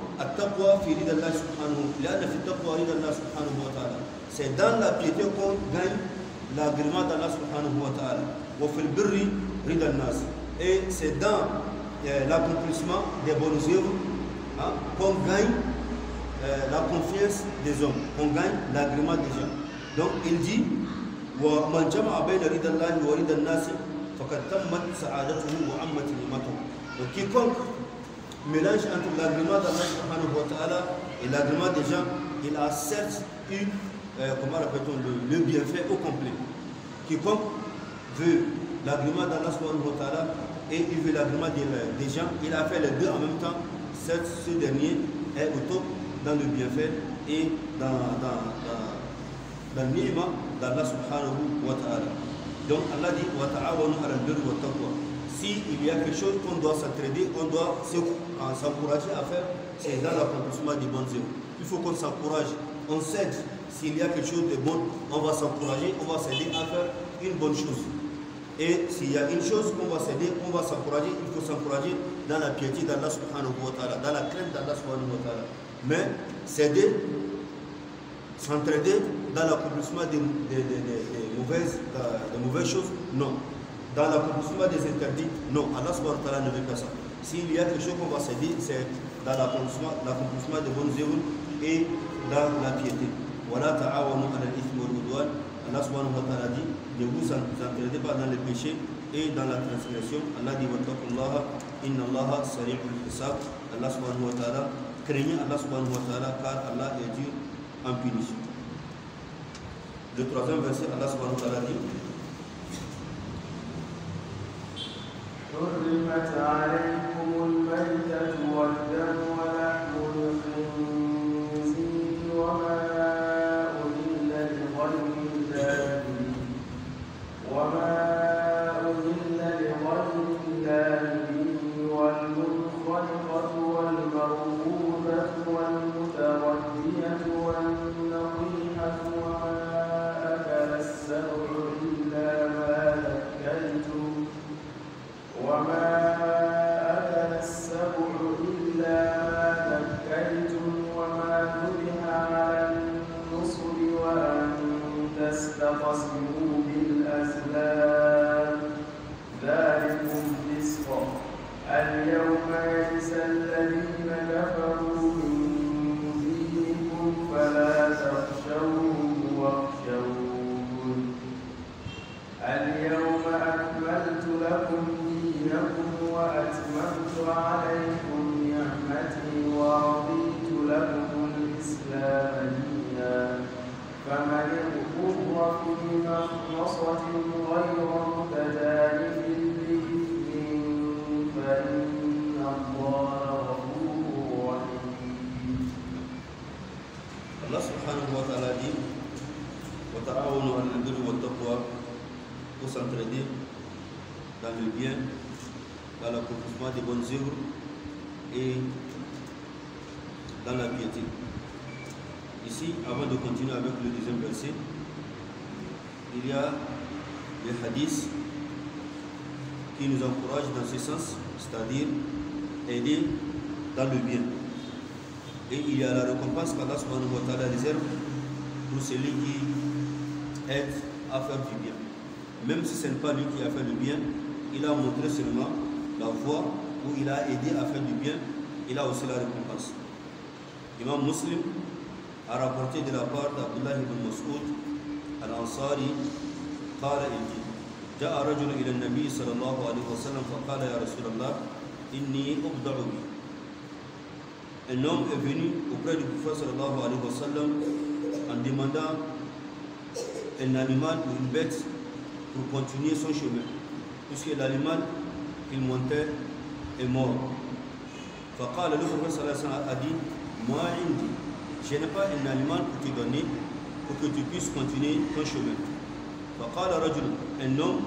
C'est dans la piété qu'on gagne l'agrément d'Allah subhanahu wa ta'ala. Wa fil birri nas. Et c'est dans euh, l'accomplissement des bonnes œuvres hein, qu'on gagne euh, la confiance des hommes, qu'on gagne l'agrément des gens. Donc il dit Wa man jama'a bayna ridallahi wa ridan nas faqad tammat sa'adatuhu wa ammat nimatuhu. Donc quiconque mélange entre l'agrément d'Allah subhanahu wa ta'ala et l'agrément des gens, il a certes une euh, comment lappelle le, bienfait au complet. Quiconque veut l'agrément d'Allah et il veut l'agrément des, gens, il a fait les deux en même temps, ce, ce dernier est au top dans le bienfait et dans, dans, dans, le minimum d'Allah subhanahu wa ta'ala. Donc Allah dit wa wa taqwa. Si il y a quelque chose qu'on doit s'entraider, on doit euh, s'encourager à faire, c'est dans l'accomplissement du bon œuvres. Il faut qu'on s'encourage, on s'aide s'il y a quelque chose de bon, on va s'encourager, on va s'aider à faire une bonne chose. Et s'il y a une chose qu'on va s'aider, on va s'encourager, il faut s'encourager dans la piété d'Allah subhanahu wa ta'ala, dans la crainte d'Allah Mais s'aider, s'entraider dans l'accomplissement euh, des, mauvaises, choses, non. Dans l'accomplissement des interdits, non. Allah subhanahu wa ne veut pas ça. S'il y a quelque chose qu'on va céder, c'est dans l'accomplissement des bonnes œuvres et dans la piété. ولا تعاونوا على الإثم والعدوان Allah subhanahu wa ta'ala dit ne vous entraînez pas dans le péché et dans la transgression Allah dit wattaqullaha inna Allah sari'ul hisab Allah subhanahu wa ta'ala craignez Allah subhanahu wa ta'ala car Allah est dur en punition le troisième verset Allah subhanahu wa ta'ala dit حرمت عليكم الميتة والدم ce n'est pas lui qui a fait le bien, il a montré seulement la voie où il a aidé à faire du bien, il a aussi la récompense. Imam Muslim a rapporté de la part d'Abdullah ibn Mas'ud al-Ansari قال dit جاء رجل إلى النبي صلى الله عليه وسلم فقال يا رسول الله إني أبدع بي Un homme est venu auprès du prophète sallallahu alayhi wa en demandant un animal ou une bête pour continuer son chemin, puisque l'animal qu'il montait est mort. Fakal, le prophète a dit, moi, je n'ai pas un animal pour te donner, pour que tu puisses continuer ton chemin. Fakal, un homme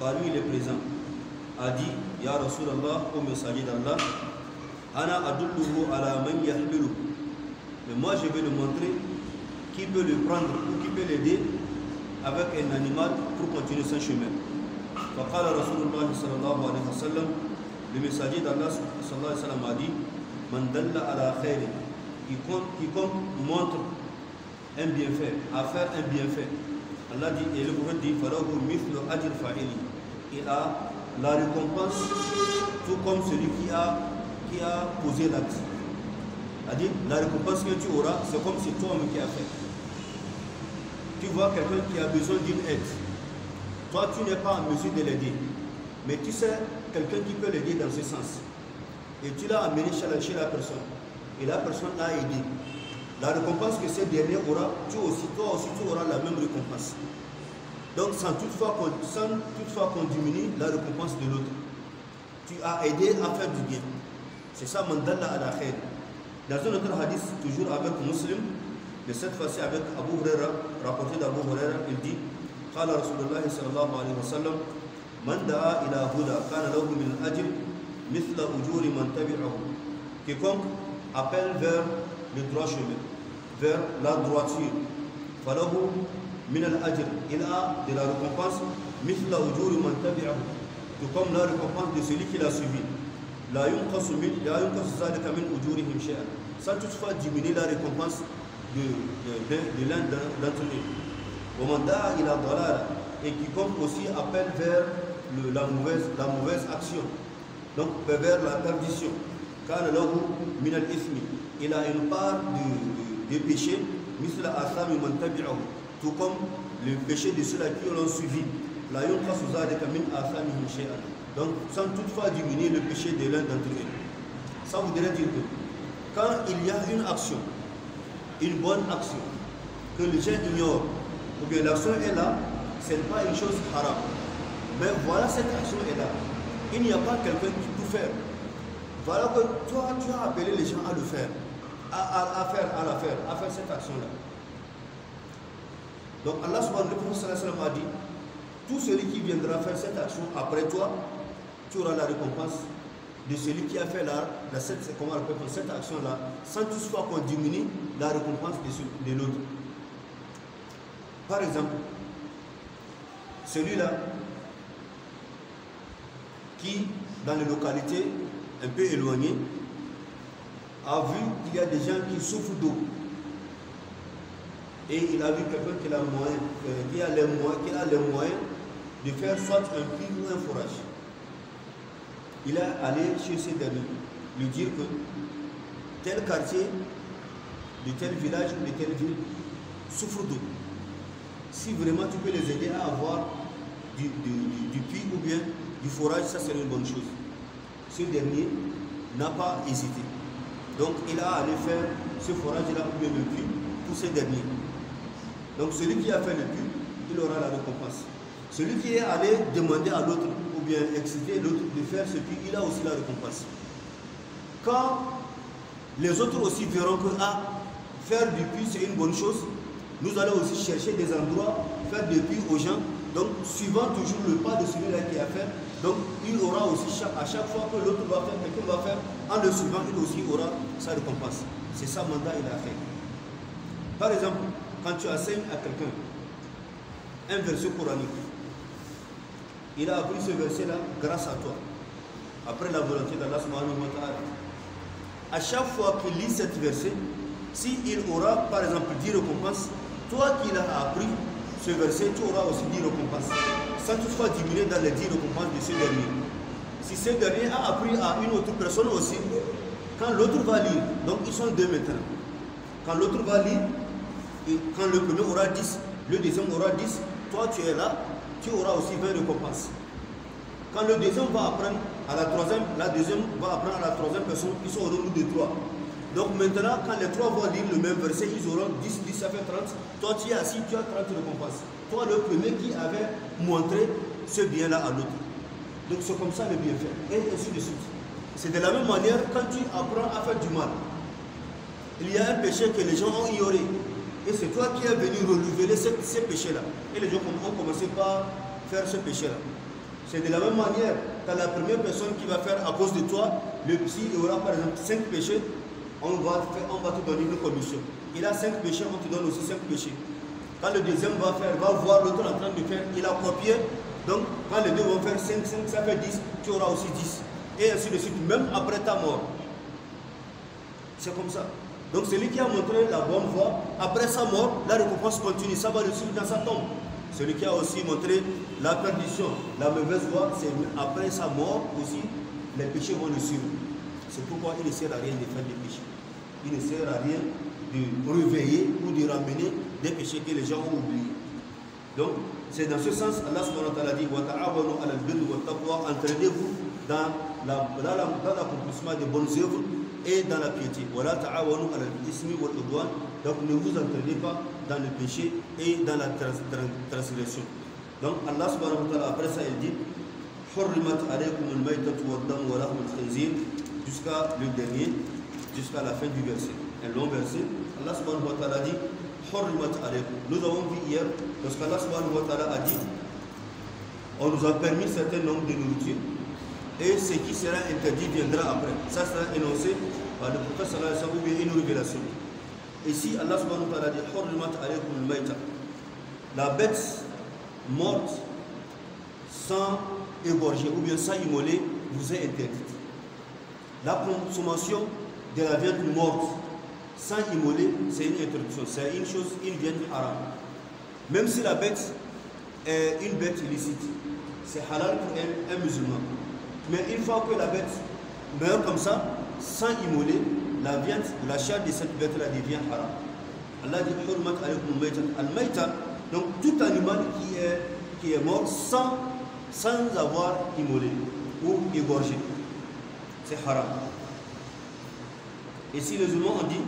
parmi les présents, a dit, Ya Rasulallah, au messager d'Allah, Ana adulluhu ala man yahbilu. Mais moi, je vais le montrer qui peut le prendre ou qui peut l'aider avec un animal pour continuer son chemin. le messager d'Allah a dit quiconque montre un bienfait, a faire un bienfait, Allah dit, et le prophète dit, il a la récompense, tout comme celui qui a, posé l'acte. C'est-à-dire, la récompense que tu auras, c'est comme si toi-même qui as fait. Tu vois quelqu'un qui a besoin d'une aide toi, tu n'es pas en mesure de l'aider, Mais tu sais, quelqu'un qui peut l'aider dans ce sens. Et tu l'as amené chez la, personne. Et la personne l'a aidé. La récompense que ce dernier aura, tu aussi, toi aussi, tu auras la même récompense. Donc, sans toutefois qu'on diminue la récompense de l'autre. Tu as aidé à faire du bien. C'est ça, mandala à Dans un autre hadith, toujours avec Muslim, mais cette fois-ci avec Abu Huraira, rapporté d'Abu Huraira, il dit قال رسول الله صلى الله عليه وسلم من دعا إلى هدى كان له من الأجر مثل أجور من تبعه quiconque appelle vers le droit chemin vers la droiture فله من الأجر il a de la récompense مثل أجور من تبعه tout comme la récompense de celui qui l'a suivi لا ينقص من لا ينقص ذلك من أجورهم شيئا sans toutefois diminuer la récompense de, de, de, de l'un d'entre eux et qui comme aussi appelle vers la, mauvaise, la mauvaise action, donc vers la perdition. Car il a une part du péché, tout comme le péché de ceux-là qui l'ont suivi. Donc, sans toutefois diminuer le péché de l'un d'entre eux. Ça voudrait dire que quand il y a une action, une bonne action, que les gens ignorent, ou bien l'action est là, ce n'est pas une chose haram. Mais voilà, cette action est là. Il n'y a pas quelqu'un qui peut faire. Voilà que toi, tu as appelé les gens à le faire, à, faire, à la faire, à faire cette action-là. Donc Allah subhanahu wa ta'ala a dit, tout celui qui viendra faire cette action après toi, tu auras la récompense de celui qui a fait la, cette, cette action-là, sans toutefois qu'on diminue la récompense de l'autre. Par exemple, celui-là qui, dans les localités un peu éloignées, a vu qu'il y a des gens qui souffrent d'eau. Et il a vu quelqu'un qui, euh, a moyen, les moyens, qui a les moyens de faire soit un puits ou un forage. Il est allé chez ses amis, lui dire que tel quartier, de tel village ou de telle ville souffre d'eau. Si vraiment tu peux les aider à avoir du, puits ou bien du forage, ça serait une bonne chose. Ce dernier n'a pas hésité. Donc il a allé faire ce forage-là a bien le puits pour ce dernier. Donc celui qui a fait le puits, il aura la récompense. Celui qui est allé demander à l'autre ou bien exciter l'autre de faire ce puits, il a aussi la récompense. Quand les autres aussi verront que ah, faire du puits c'est une bonne chose, nous allons aussi chercher des endroits, faire des aux gens, donc suivant toujours le pas de celui-là qui a fait. Donc il aura aussi, à chaque fois que l'autre va faire, quelqu'un va faire, en le suivant, il aussi aura sa récompense. C'est ça mandat il a fait. Par exemple, quand tu enseignes à quelqu'un un verset coranique, il a appris ce verset-là grâce à toi, après la volonté d'Allah subhanahu À chaque fois qu'il lit ce verset, s'il il aura par exemple 10 récompenses, toi qui l'as appris, ce verset, tu auras aussi 10 récompenses. Ça sois diminué dans les 10 récompenses de ce dernier. Si ce dernier a appris à une autre personne aussi, quand l'autre va lire, donc ils sont deux maintenant. Quand l'autre va lire, et quand le premier aura 10, le deuxième aura 10, toi tu es là, tu auras aussi 20 récompenses. Quand le deuxième va apprendre à la troisième, la deuxième va apprendre à la troisième personne, ils sont au nombre de trois. Donc maintenant, quand les trois vont lire le même verset, ils auront 10, 10, ça fait 30. Toi, tu es assis, tu as 30 récompenses. Toi, le premier qui avait montré ce bien-là à l'autre. Donc c'est comme ça le fait. Et ainsi de suite. C'est de la même manière, quand tu apprends à faire du mal, il y a un péché que les gens ont ignoré. Et c'est toi qui es venu renouveler ce péché péchés-là. Et les gens ont commencer par faire ce péché-là. C'est de la même manière, quand la première personne qui va faire à cause de toi, le psy aura par exemple cinq péchés, on va, on va te donner une commission. Il a cinq péchés, on te donne aussi cinq péchés. Quand le deuxième va faire, va voir l'autre en train de faire, il a copié. Donc, quand les deux vont faire 5, 5, ça fait 10, tu auras aussi 10. Et ainsi de suite, même après ta mort. C'est comme ça. Donc, celui qui a montré la bonne voie, après sa mort, la récompense continue, ça va le suivre dans sa tombe. Celui qui a aussi montré la perdition, la mauvaise voie, c'est après sa mort aussi, les péchés vont le suivre. C'est pourquoi il ne sert à rien de faire des péchés. Il ne sert à rien de réveiller ou de ramener des péchés que les gens ont oubliés. Donc, c'est dans ce sens, Allah subhanahu wa ta'ala dit « Entraînez-vous dans l'accomplissement des bonnes œuvres et dans la piété. Donc ne vous entraînez pas dans le péché et dans la transgression. Donc Allah subhanahu wa ta'ala après ça il dit حرمت عليكم الميتة والدم ولحم الخنزير jusqu'à le dernier, jusqu'à la fin du verset. Un long verset. Allah subhanahu wa ta'ala dit Nous avons vu hier, lorsqu'Allah subhanahu wa ta'ala a dit On nous a permis un certain nombre de nourriture, et ce qui sera interdit viendra après. Ça sera énoncé par le prophète sallallahu alayhi wa sallam une révélation. Ici, Allah subhanahu wa ta'ala dit La bête morte sans égorger ou bien sans immoler vous est interdite. La consommation de la viande morte sans immoler, c'est une interruption, c'est une chose, une viande haram. Même si la bête est une bête illicite, c'est halal pour un, musulman. Mais une fois que la bête meurt comme ça, sans immoler, la viande, la chair de cette bête-là devient haram. Allah dit al Donc tout animal qui est, qui est mort sans, sans avoir immolé ou égorgé c'est haram. Et si les humains ont dit,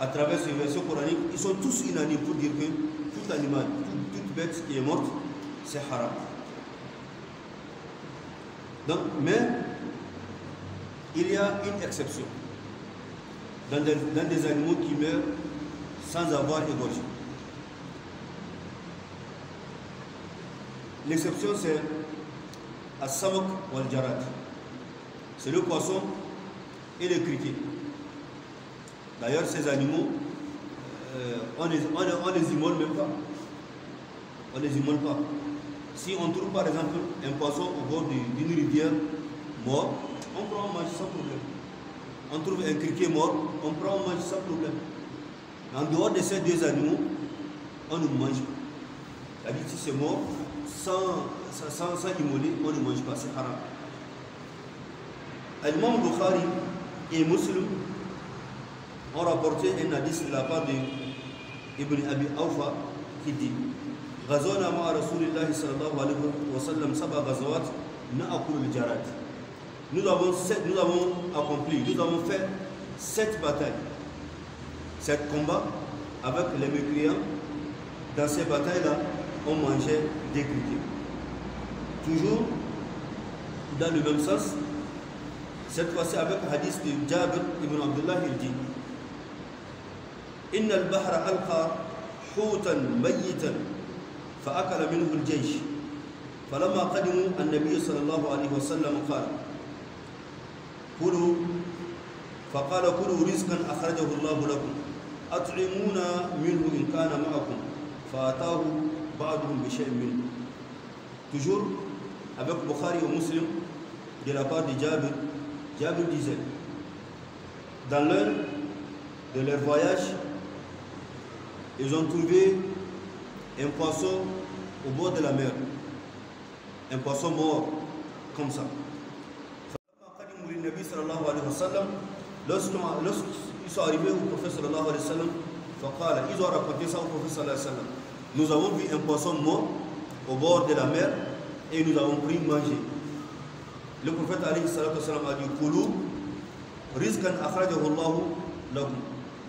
à travers ces versions coraniques, ils sont tous unanimes pour dire que tout animal, toute, bête qui est morte, c'est haram. Donc, mais il y a une exception dans des, animaux qui meurent sans avoir égorgé. L'exception c'est à samak wal-Jarat c'est le poisson et le criquet. D'ailleurs, ces animaux, euh, on ne les, on, les immole même pas. On ne les immole pas. Si on trouve par exemple un poisson au bord d'une rivière mort, on prend, on mange sans problème. On trouve un criquet mort, on prend, on mange sans problème. En dehors de ces deux animaux, on ne mange pas. La si c'est mort, sans, sans, sans immoler, on ne mange pas, c'est haram. Al-Imam Bukhari et Muslim ont rapporté un hadith de la part d'Ibn Abi Awfa qui dit nous avons, accompli, nous avons fait sept batailles, sept combats avec les mécréants. Dans ces batailles-là, on mangeait des critiques. Toujours dans le même sens, cette fois-ci avec le hadith de Jabir ibn Abdullah, إن البحر ألقى حوتا ميتا فأكل منه الجيش فلما قدموا النبي صلى الله عليه وسلم قال كلوا فقال كلوا رزقا أخرجه الله لكم أطعمونا منه إن كان معكم فأتاه بعضهم بشيء منه تجور avec بخاري ومسلم Muslim de la part Diable disait, dans l'un de leurs voyages, ils ont trouvé un poisson au bord de la mer, un poisson mort, comme ça. Lorsqu'ils sont arrivés au prophète sallallahu ils ont raconté ça au prophète sallallahu alayhi Nous avons vu un poisson mort au bord de la mer et nous avons pris manger. Le prophète a dit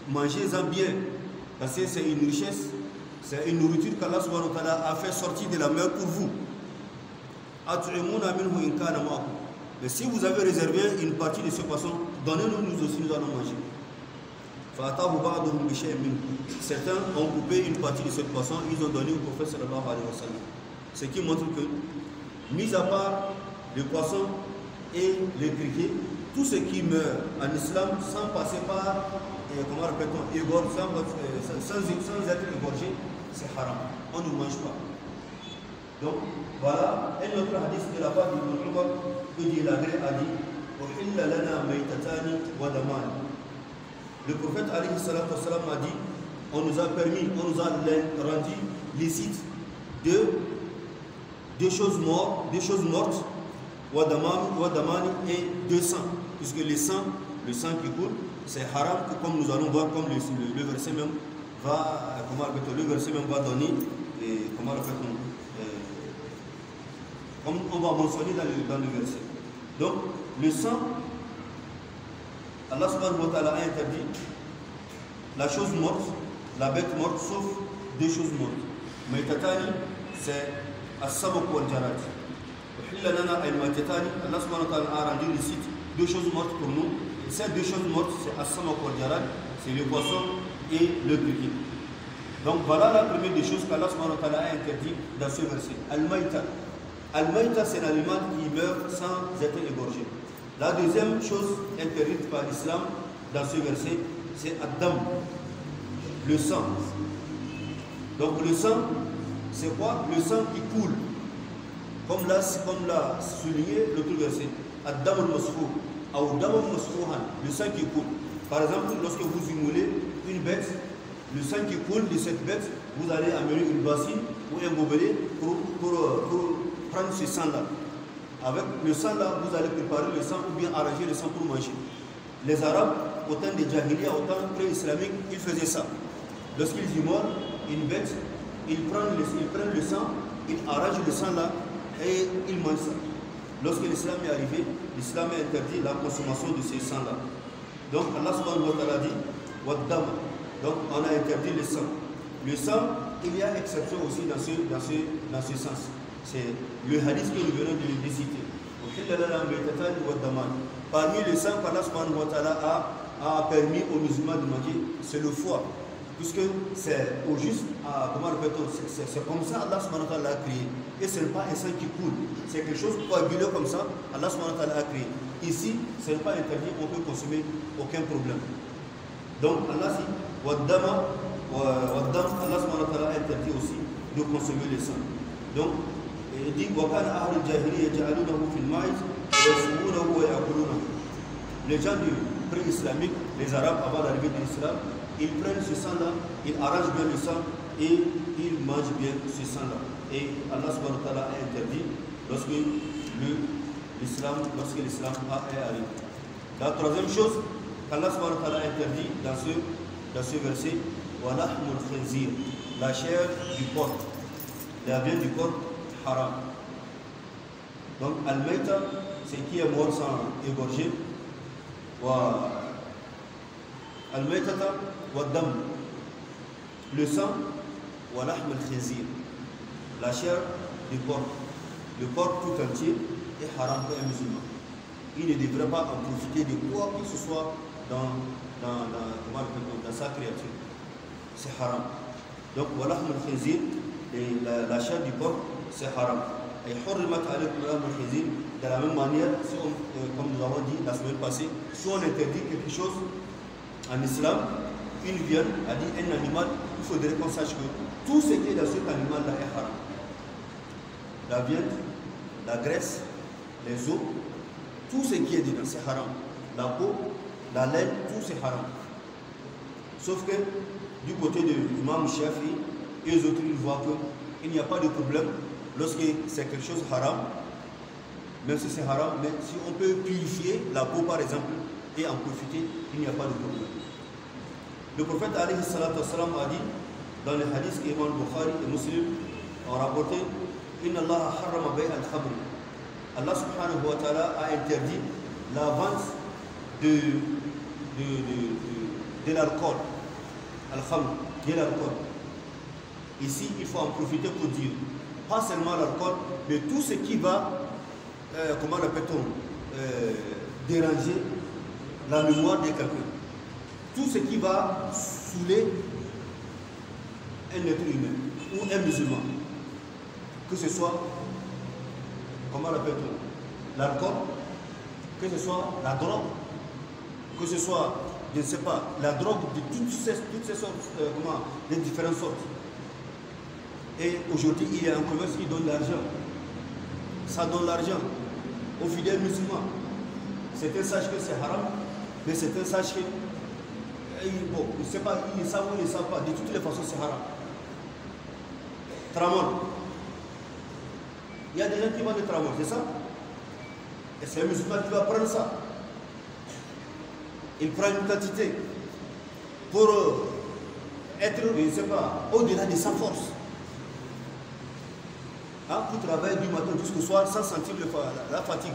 mangez-en bien, parce que c'est une richesse, c'est une nourriture qu'Allah a fait sortir de la mer pour vous. Mais si vous avez réservé une partie de ce poisson, donnez-nous nous aussi, nous allons manger. Certains ont coupé une partie de ce poisson, ils ont donné au prophète Ce qui montre que, mis à part le poisson et le criquet, tout ce qui meurt en islam sans passer par, euh, comment répétons, égorge, euh, sans, sans, sans, être égorgé, c'est haram. On ne mange pas. Donc, voilà. un autre hadith de la part de Umar, que dit la a dit Le prophète a dit on nous a permis, on nous a rendu licite de deux choses mortes, deux choses mortes Wadamani deux 200, puisque le sang, le sang qui coule, c'est haram, comme nous allons voir, comme le, verset même va, le verset même va donner, et euh, comme on va mentionner dans le, dans le verset. Donc, le sang, Allah subhanahu wa ta'ala a interdit la chose morte, la bête morte, sauf deux choses mortes. Mais Tatani, c'est as Illanana al Allah a rendu le site deux choses mortes pour nous. Et ces deux choses mortes, c'est Assam c'est le poisson et le briquet. Donc voilà la première des choses qu'Allah a interdit dans ce verset. Al-Maïta. Al-Maïta, c'est l'animal qui meurt sans être égorgé. La deuxième chose interdite par l'islam dans ce verset, c'est Adam, le sang. Donc le sang, c'est quoi Le sang qui coule comme l'a comme souligné le verset hein, le sang qui coule par exemple lorsque vous immolez une bête le sang qui coule de cette bête vous allez amener une bassine ou un gobelet pour, pour, prendre ce sang là avec le sang là vous allez préparer le sang ou bien arranger le sang pour manger les arabes autant des Jahiliya autant temps pré-islamique ils faisaient ça lorsqu'ils immolent une bête ils prennent le, ils prennent le sang ils arrangent le sang là et il mange ça. Lorsque l'islam est arrivé, l'islam a interdit la consommation de ces sangs-là. Donc Allah subhanahu wa ta'ala dit Waddam. Donc on a interdit le sang. Le sang, il y a exception aussi dans ce, dans ce, dans ce sens. C'est le hadith que nous venons de, de citer. Parmi les sangs qu'Allah subhanahu wa ta'ala a, a permis aux musulmans de manger, c'est le foie puisque c'est au juste, ah, comment répète-on, c'est comme ça Allah subhanahu wa ta'ala a créé. Et ce n'est pas un sang qui coule, c'est quelque chose coaguleux comme ça, Allah a créé. Ici, ce n'est pas interdit, on peut consommer aucun problème. Donc Allah dit, Allah a interdit aussi de consommer le sang. Donc, il dit, jahiliya ja'alunahu fil maïs, wa Les gens du pré-islamique, les Arabes avant l'arrivée de l'islam, ils prennent ce sang-là, ils arrangent bien le sang et ils mangent bien ce sang-là. Et Allah subhanahu wa ta'ala a interdit lorsque l'islam, lorsque l'islam est arrivé. La troisième chose qu'Allah subhanahu wa ta'ala a interdit dans ce, dans ce verset, la chair du corps, la viande du corps haram. Donc al-maita, c'est qui est mort sans égorger. Wa al-maitata wa dam, le sang, wa lahm al-khizir. La chair du porc le porc tout entier est haram pour un musulman. Il ne devrait pas en profiter de quoi que ce soit dans, sa créature. C'est haram. Donc voilà le khizir, la, la chair du porc c'est haram. Et hurrimat de la même manière, euh, comme nous avons dit la semaine passée, si on interdit quelque chose en islam, une viande a dit un animal, il faudrait qu'on sache que tout ce qui est dans cet animal-là est haram la viande, la graisse, les os, tout ce qui est dedans, c'est haram. La peau, la laine, tout c'est haram. Sauf que du côté de l'imam Shafi et les autres, ils voient qu'il n'y a pas de problème lorsque c'est quelque chose haram, même si c'est haram, mais si on peut purifier la peau par exemple et en profiter, il n'y a pas de problème. Le prophète a dit dans les hadiths qu'Imam Bukhari et Muslim ont rapporté Allah a interdit l'avance de, de, de, de, l'alcool. Ici, il faut en profiter pour dire, pas seulement l'alcool, mais tout ce qui va, euh, comment lappelle on euh, déranger la mémoire des quelqu'un. Tout ce qui va saouler un être humain ou un musulman que ce soit, comment lappelle t on l'alcool, que ce soit la drogue, que ce soit, je ne sais pas, la drogue de toutes ces, toutes ces sortes, euh, comment, des différentes sortes. Et aujourd'hui, il y a un commerce qui donne l'argent. Ça donne l'argent aux fidèles musulmans. un sachent que c'est haram, mais un sachent que. Euh, bon, ils ne savent pas, ils ne savent pas. De toutes les façons, c'est haram. Tramon, il y a des gens qui vendent des travaux, c'est ça Et c'est un musulman qui va prendre ça. Il prend une quantité pour euh, être, je ne sais pas, au-delà de sa force. Hein, pour du matin jusqu'au soir sans sentir la, fatigue.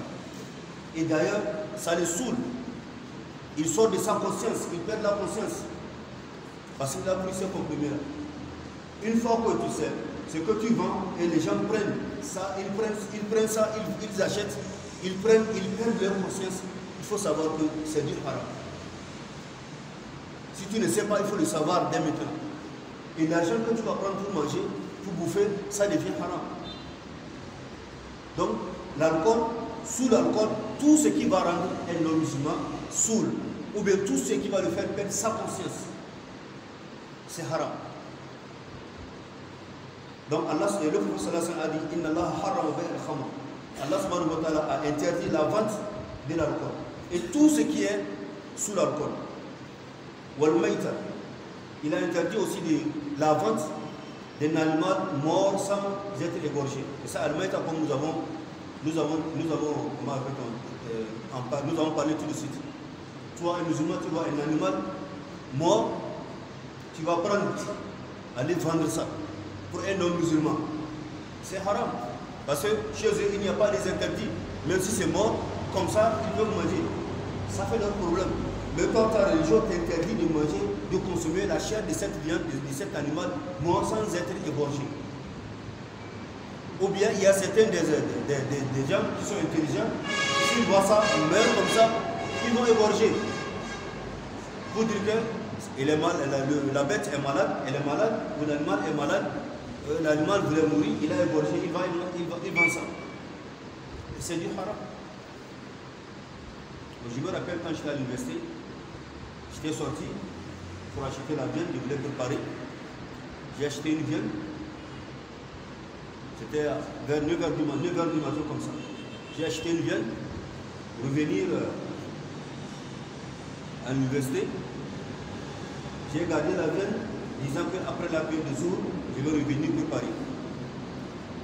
Et d'ailleurs, ça les saoule. ils sortent de sa conscience, ils perdent la conscience. Parce qu'il la pris ses comprimés. Une fois que tu sais, ce que tu vends et les gens prennent ça, ils prennent, ça, ils, achètent, ils prennent, ils prennent leur conscience. Il faut savoir que c'est du haram. Si tu ne sais pas, il faut le savoir dès maintenant. Et l'argent que tu vas prendre pour manger, pour bouffer, ça devient haram. Donc, l'alcool, sous l'alcool, tout ce qui va rendre un homme musulman saoul, ou bien tout ce qui va le faire perdre sa conscience, c'est haram. Donc Allah, a dit Inna a interdit la vente de l'alcool et tout ce qui est sous l'alcool. Il a interdit aussi la vente d'un animal mort sans être égorgé. Et ça, Al-Maïta, comme nous avons, nous avons, euh, nous avons, parlé tout de suite. Toi un musulman, tu vois un animal mort, tu vas prendre, aller vendre ça pour un homme musulman C'est haram. Parce que chez eux, il n'y a pas les interdits. Même si c'est mort, comme ça, ils peuvent manger. Ça fait leur problème. Mais quand ta religion t'interdit de manger, de consommer la chair de cette viande, de cet animal, mort sans être égorgé. Ou bien il y a certains des, des, des, gens qui sont intelligents, qui voient ça, ils meurent comme ça, ils vont égorger. pour dire que est mal, la, la, bête est malade, elle est malade, ou l'animal est malade, l'animal euh, voulait mourir, il a égorgé, il il, va, il, va, il va ça. C'est du haram. Je me rappelle quand j'étais à l'université, j'étais sorti pour acheter la viande, je voulais préparer. J'ai acheté une viande. C'était vers 9h du matin, comme ça. J'ai acheté une viande, revenir euh, à l'université. J'ai gardé la viande, disant qu'après la paix de jour, je vais revenir Paris.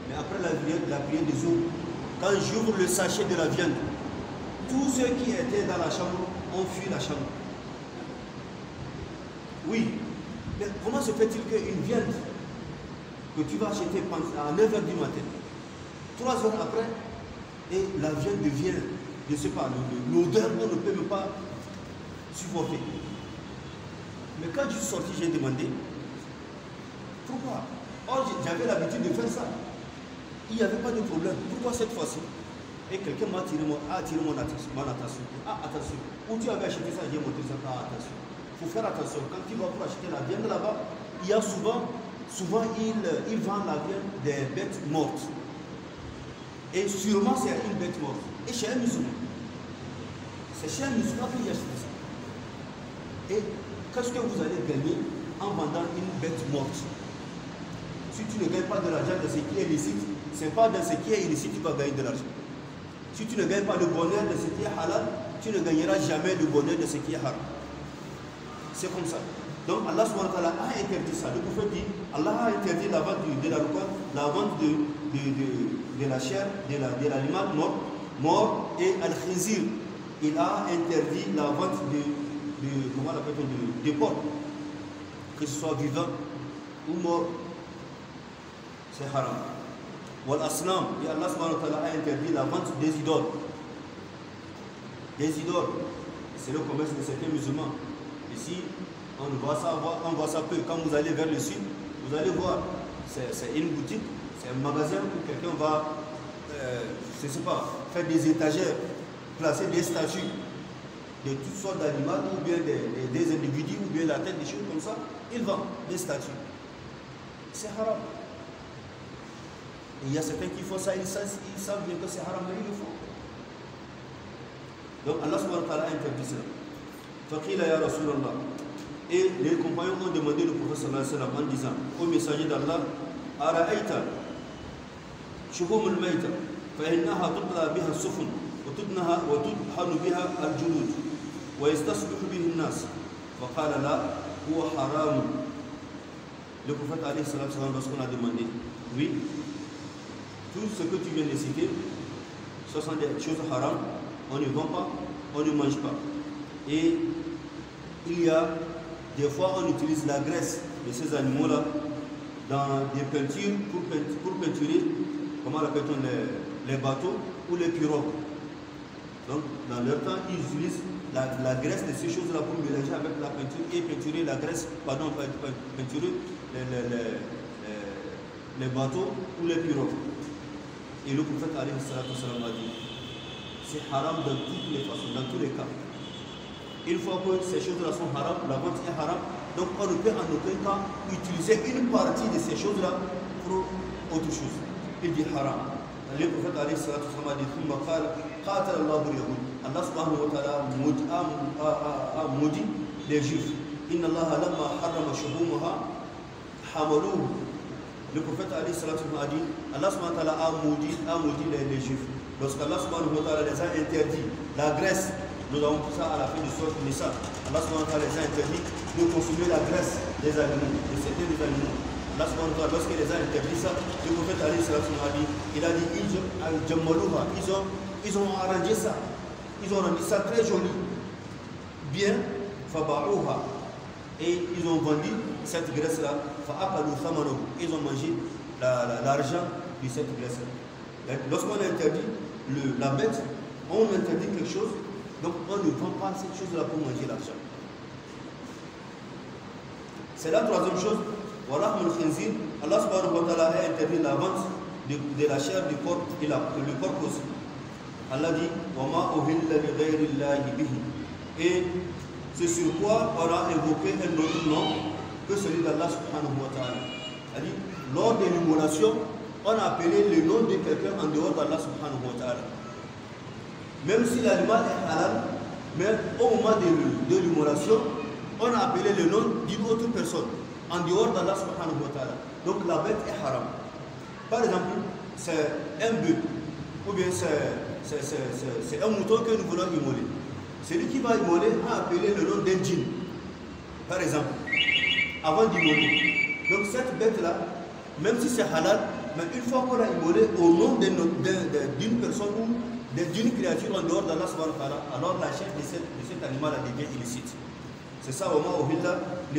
Mais après la prière, la des eaux, quand j'ouvre le sachet de la viande, tous ceux qui étaient dans la chambre ont fui la chambre. Oui, mais comment se fait-il qu'une viande que tu vas acheter à 9h du matin, 3 heures après, et la viande devient, je ne sais pas, l'odeur, qu'on ne peut même pas supporter. Mais quand je suis sorti, j'ai demandé, pourquoi Or, j'avais l'habitude de faire ça. Il n'y avait pas de problème. Pourquoi cette fois-ci Et quelqu'un m'a attiré, mon, attention, mon attention. Ah, attention. Où tu avais acheté ça, j'ai montré ça. Ah, attention. Il faut faire attention. Quand tu vas pour acheter la viande là-bas, il y a souvent, souvent, ils il vendent la viande des bêtes mortes. Et sûrement, c'est une bête morte. Et chez un musulman. C'est chez un musulman qu'il achète. ça. Et qu'est-ce que vous allez gagner en vendant une bête morte si tu ne gagnes pas de l'argent de ce qui est ce n'est pas dans ce qui est illicite que tu vas gagner de l'argent. Si tu ne gagnes pas le bonheur de ce qui est halal, tu ne gagneras jamais le bonheur de ce qui est haram. C'est comme ça. Donc Allah a interdit ça. Le prophète dit, Allah a interdit la vente de, la roquette, la vente de, de, de, la chair, de l'animal mort, mort et al-khizir. Il a interdit la vente de, de comment on appelle de, de porc, que ce soit vivant ou mort c'est haram. Voilà, aslam, et Allah subhanahu wa a interdit la vente des idoles. Des idoles, c'est le commerce de certains musulmans. Ici, on voit ça, on voit ça peu. Quand vous allez vers le sud, vous allez voir, c'est une boutique, c'est un magasin où quelqu'un va, euh, je ne sais pas, faire des étagères, placer des statues de toutes sortes d'animaux, ou bien des, des, individus, ou bien la tête, des choses comme ça. Il vend des statues. C'est haram. Il y a certains qui font ça, ils savent, ils savent bien que c'est haram, mais ils le font. Donc Allah subhanahu wa ta'ala a interdit cela. Faqila ya Rasulallah. Et les compagnons ont demandé le prophète sallallahu alayhi wa sallam en disant au messager d'Allah, Ara'aita, شهوم الميتة فإنها تطلى بها السفن وتدنها وتدهن بها الجلود ويستصبح به الناس فقال لا هو حرام Le prophète alayhi salam lorsqu'on a demandé, oui, Tout ce que tu viens de citer, ce sont des choses haram, on ne vend pas, on ne mange pas. Et il y a des fois on utilise la graisse de ces animaux-là dans des peintures pour, peinturer, comment on les, bateaux ou les pirogues. Donc dans leur temps, ils utilisent la, graisse de ces choses-là pour mélanger avec la peinture et peinturer la graisse, pardon, peinturer les, les bateaux ou les pirogues. Et le prophète alayhi salam a dit c'est haram dans toutes les façons, dans tous les cas. Une fois que ces choses-là sont haram, la vente est haram, donc on ne peut en aucun cas utiliser une partie de ces choses-là pour autre chose. Il dit haram. Le prophète alayhi salam a dit قاتل الله اليهود الله سبحانه وتعالى مودي للجيف إن الله لما حرم شهومها حملوه Le prophète Ali a dit Allah a maudit, a maudit les, les, Juifs. Lorsqu'Allah les a interdit la graisse nous avons tout ça à la fin du soir de ça. Allah les a interdit de consommer la graisse des animaux, de certains des animaux. Allah lorsqu'il les a interdit ça, le prophète Ali a dit il a dit ils ont, ils ont, ils ont arrangé ça. Ils ont rendu ça très joli. Bien, Faba'uha. Et ils ont vendu cette graisse-là ils ont mangé l'argent de cette graisse Lorsqu'on interdit la bête, on interdit quelque chose, donc on ne vend pas cette chose-là pour manger l'argent. C'est la troisième chose. Allah subhanahu wa ta'ala a interdit la vente de, la chair du corps et la, le corps aussi. Allah dit Et c'est sur quoi Allah a évoqué un autre nom que celui d'Allah subhanahu wa ta'ala. C'est-à-dire, lors de l'immolation, on a appelé le nom de quelqu'un en dehors d'Allah subhanahu wa ta'ala. Même si l'animal est halal, mais au moment de, l'immolation, on a appelé le nom d'une autre personne en dehors d'Allah subhanahu wa ta'ala. Donc la bête est haram. Par exemple, c'est un bœuf ou bien c'est un mouton que nous voulons immoler. Celui qui va immoler a appelé le nom d'un djinn, par exemple avant d'immoler. Donc cette bête-là, même si c'est halal, mais une fois qu'on a immolé au nom d'une personne ou d'une créature en dehors d'Allah, alors la chair de cet, animal a devient illicite. C'est ça, au moment où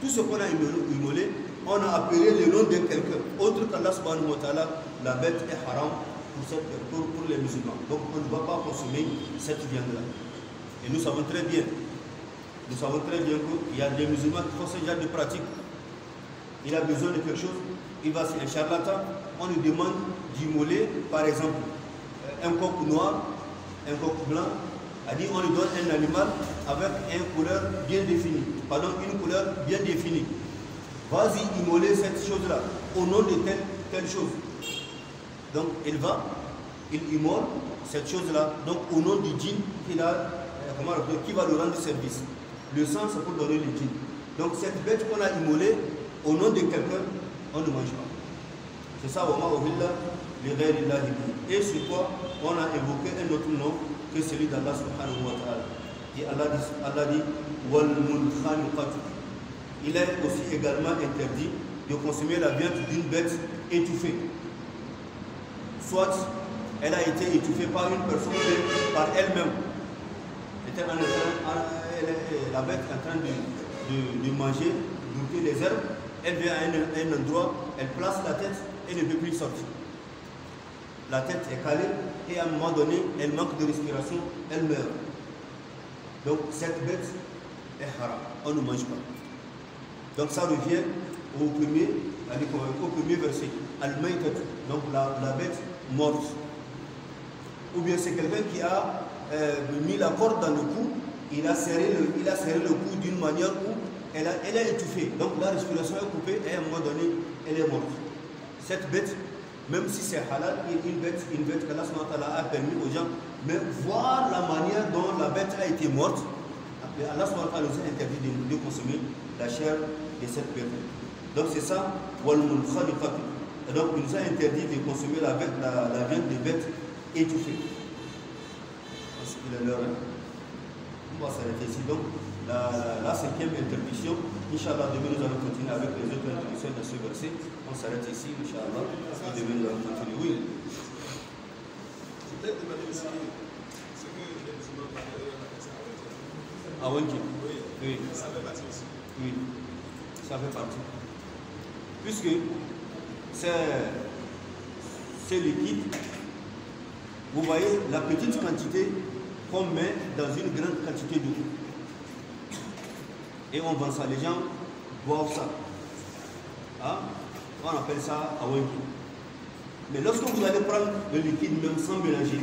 Tout ce qu'on a immolé, on a appelé le nom de quelqu'un autre qu'Allah subhanahu wa ta'ala, la bête est haram pour, pour les musulmans. Donc on ne va pas consommer cette viande-là. Et nous savons très bien nous savons très bien qu'il y a des musulmans qui font ce genre de pratique. Il a besoin de quelque chose, il va chez un charlatan, on lui demande d'immoler, par exemple, un coq noir, un coq blanc, dit on lui donne un animal avec une couleur bien définie. Pardon, une couleur bien définie. Vas-y immoler cette chose-là au nom de telle, chose. Donc il va, il immole cette chose-là, donc au nom du djinn qui euh, va lui rendre service. Le sang, c'est pour donner l'utile. Donc cette bête qu'on a immolée, au nom de quelqu'un, on ne mange pas. C'est ça, Omar Ovilla, le là Et sur quoi on a évoqué un autre nom que celui d'Allah subhanahu wa ta'ala. Et Allah dit, Allah dit Wal Il est aussi également interdit de consommer la viande d'une bête étouffée. Soit elle a été étouffée par une personne par elle-même. Était en train, la bête est en train de, de, de manger, les herbes, elle vient à un, endroit, elle place la tête et ne peut plus sortir. La tête est calée et à un moment donné, elle manque de respiration, elle meurt. Donc cette bête est haram, on ne mange pas. Donc ça revient au premier, au premier verset, al donc la, bête morte. Ou bien c'est quelqu'un qui a euh, mis la corde dans le cou il a serré le, il a serré le cou d'une manière où elle a, elle a étouffé. Donc la respiration est coupée et à un moment donné, elle est morte. Cette bête, même si c'est halal, une bête, une bête qu'Allah a permis aux gens, mais voir la manière dont la bête a été morte, Allah nous a interdit de, consommer la chair de cette bête. Donc c'est ça, Donc il nous a interdit de consommer la, bête, la, viande des bêtes étouffées. Hein. On va s'arrêter ici. Donc, la, cinquième interdiction, Inch'Allah, nous allons continuer avec les autres interdictions de ce verset. On s'arrête ici, Inch'Allah, et demain nous allons continuer. Oui. Peut-être de qui ce que Oui. oui. Ça fait partie aussi. Oui. Ça fait partie. Puisque c'est liquide, vous voyez la petite quantité qu'on met dans une grande quantité d'eau. Et on vend ça, les gens boivent ça. Ah, on appelle ça awenku. Mais lorsque vous allez prendre le liquide même sans mélanger,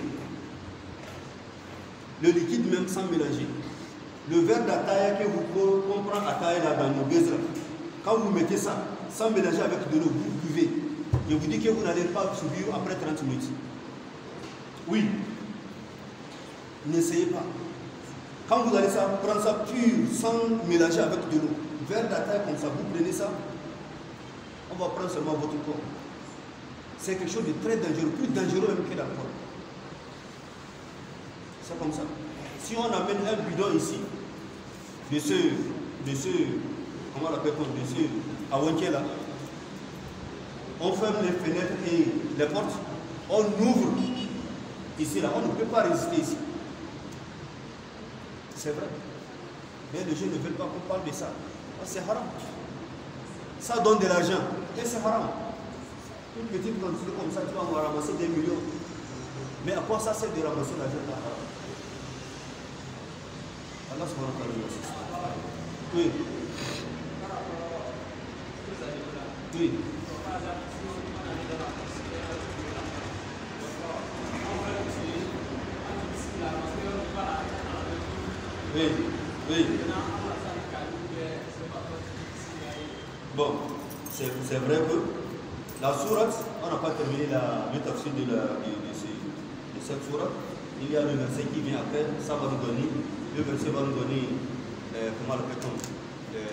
le liquide même sans mélanger, le verre d'ataya que vous à taille là dans nos là quand vous mettez ça, sans mélanger avec de l'eau, vous buvez. Je vous dis que vous n'allez pas subir après 30 minutes. Oui, n'essayez pas. Quand vous allez ça, prendre ça pur, sans mélanger avec de l'eau, vers la terre comme ça, vous prenez ça, on va prendre seulement votre corps. C'est quelque chose de très dangereux, plus dangereux même que porte C'est comme ça. Si on amène un bidon ici, de ce, de ce, comment on appelle de ce, à là, on ferme les fenêtres et les portes, on ouvre ici là, on ne peut pas résister ici. C'est vrai. Mais les gens ne veulent pas qu'on parle de ça. Ah, c'est haram. Ça donne de l'argent. Et c'est haram. Une petite quantité comme ça, tu vas ramasser des millions. Mais à quoi ça sert de ramasser l'argent Allah Oui. Oui. Oui, oui. Bon, c'est vrai que la sourate, on n'a pas terminé la métaphysique de, cette sourate. Il y a le verset qui vient après, ça va nous donner, le verset va nous donner, euh, comment le euh,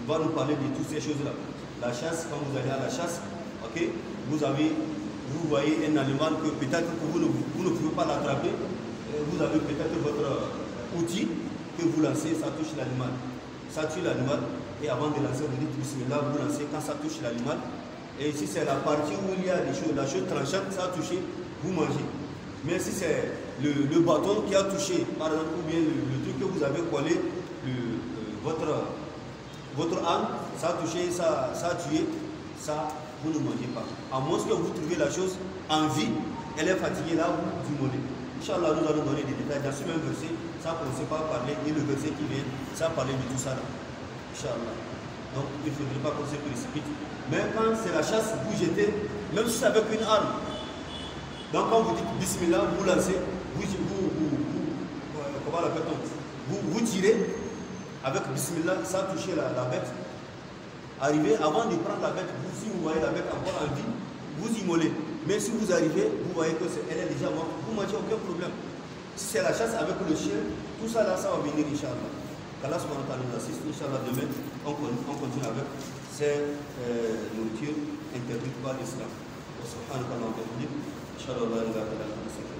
Il va nous parler de toutes ces choses-là. La chasse, quand vous allez à la chasse, ok, vous avez, vous voyez un animal que peut-être que vous ne pouvez pas l'attraper, euh, vous avez peut-être votre outil que vous lancez, ça touche l'animal. Ça tue l'animal. Et avant de lancer, vous dites là vous lancez quand ça touche l'animal. Et si c'est la partie où il y a des choses, la chose tranchante, ça a touché, vous mangez. Mais si c'est le, bâton qui a touché, par exemple, ou bien le, truc que vous avez collé, euh, votre, votre âme, ça a touché, ça, ça a tué, ça, vous ne mangez pas. À moins que vous trouviez la chose en vie, elle est fatiguée, là, vous, vous Inch'Allah, nous allons donner des détails dans ce même verset sans qu'on ne sait pas parler et le verset qui vient, sans parler du tout ça Inch'Allah. Donc il ne faudrait pas qu'on se précipite. Même quand c'est la chasse, vous jetez, même si c'est avec une arme. Donc quand vous dites Bismillah, vous lancez, vous, vous, vous, euh, comment vous, vous tirez avec Bismillah sans toucher la, bête. Arrivez, avant de prendre la bête, vous, si vous voyez la bête encore en vie, vous immolez. Mais si vous arrivez, vous voyez que est, elle déjà morte, vous ne mangez aucun problème c'est la chasse avec le chien, tout ça là, ça va venir, Inch'Allah. Qu'Allah nous assister Inch'Allah, demain, on, continue avec ces euh, nourritures interdites par l'islam. Inch'Allah.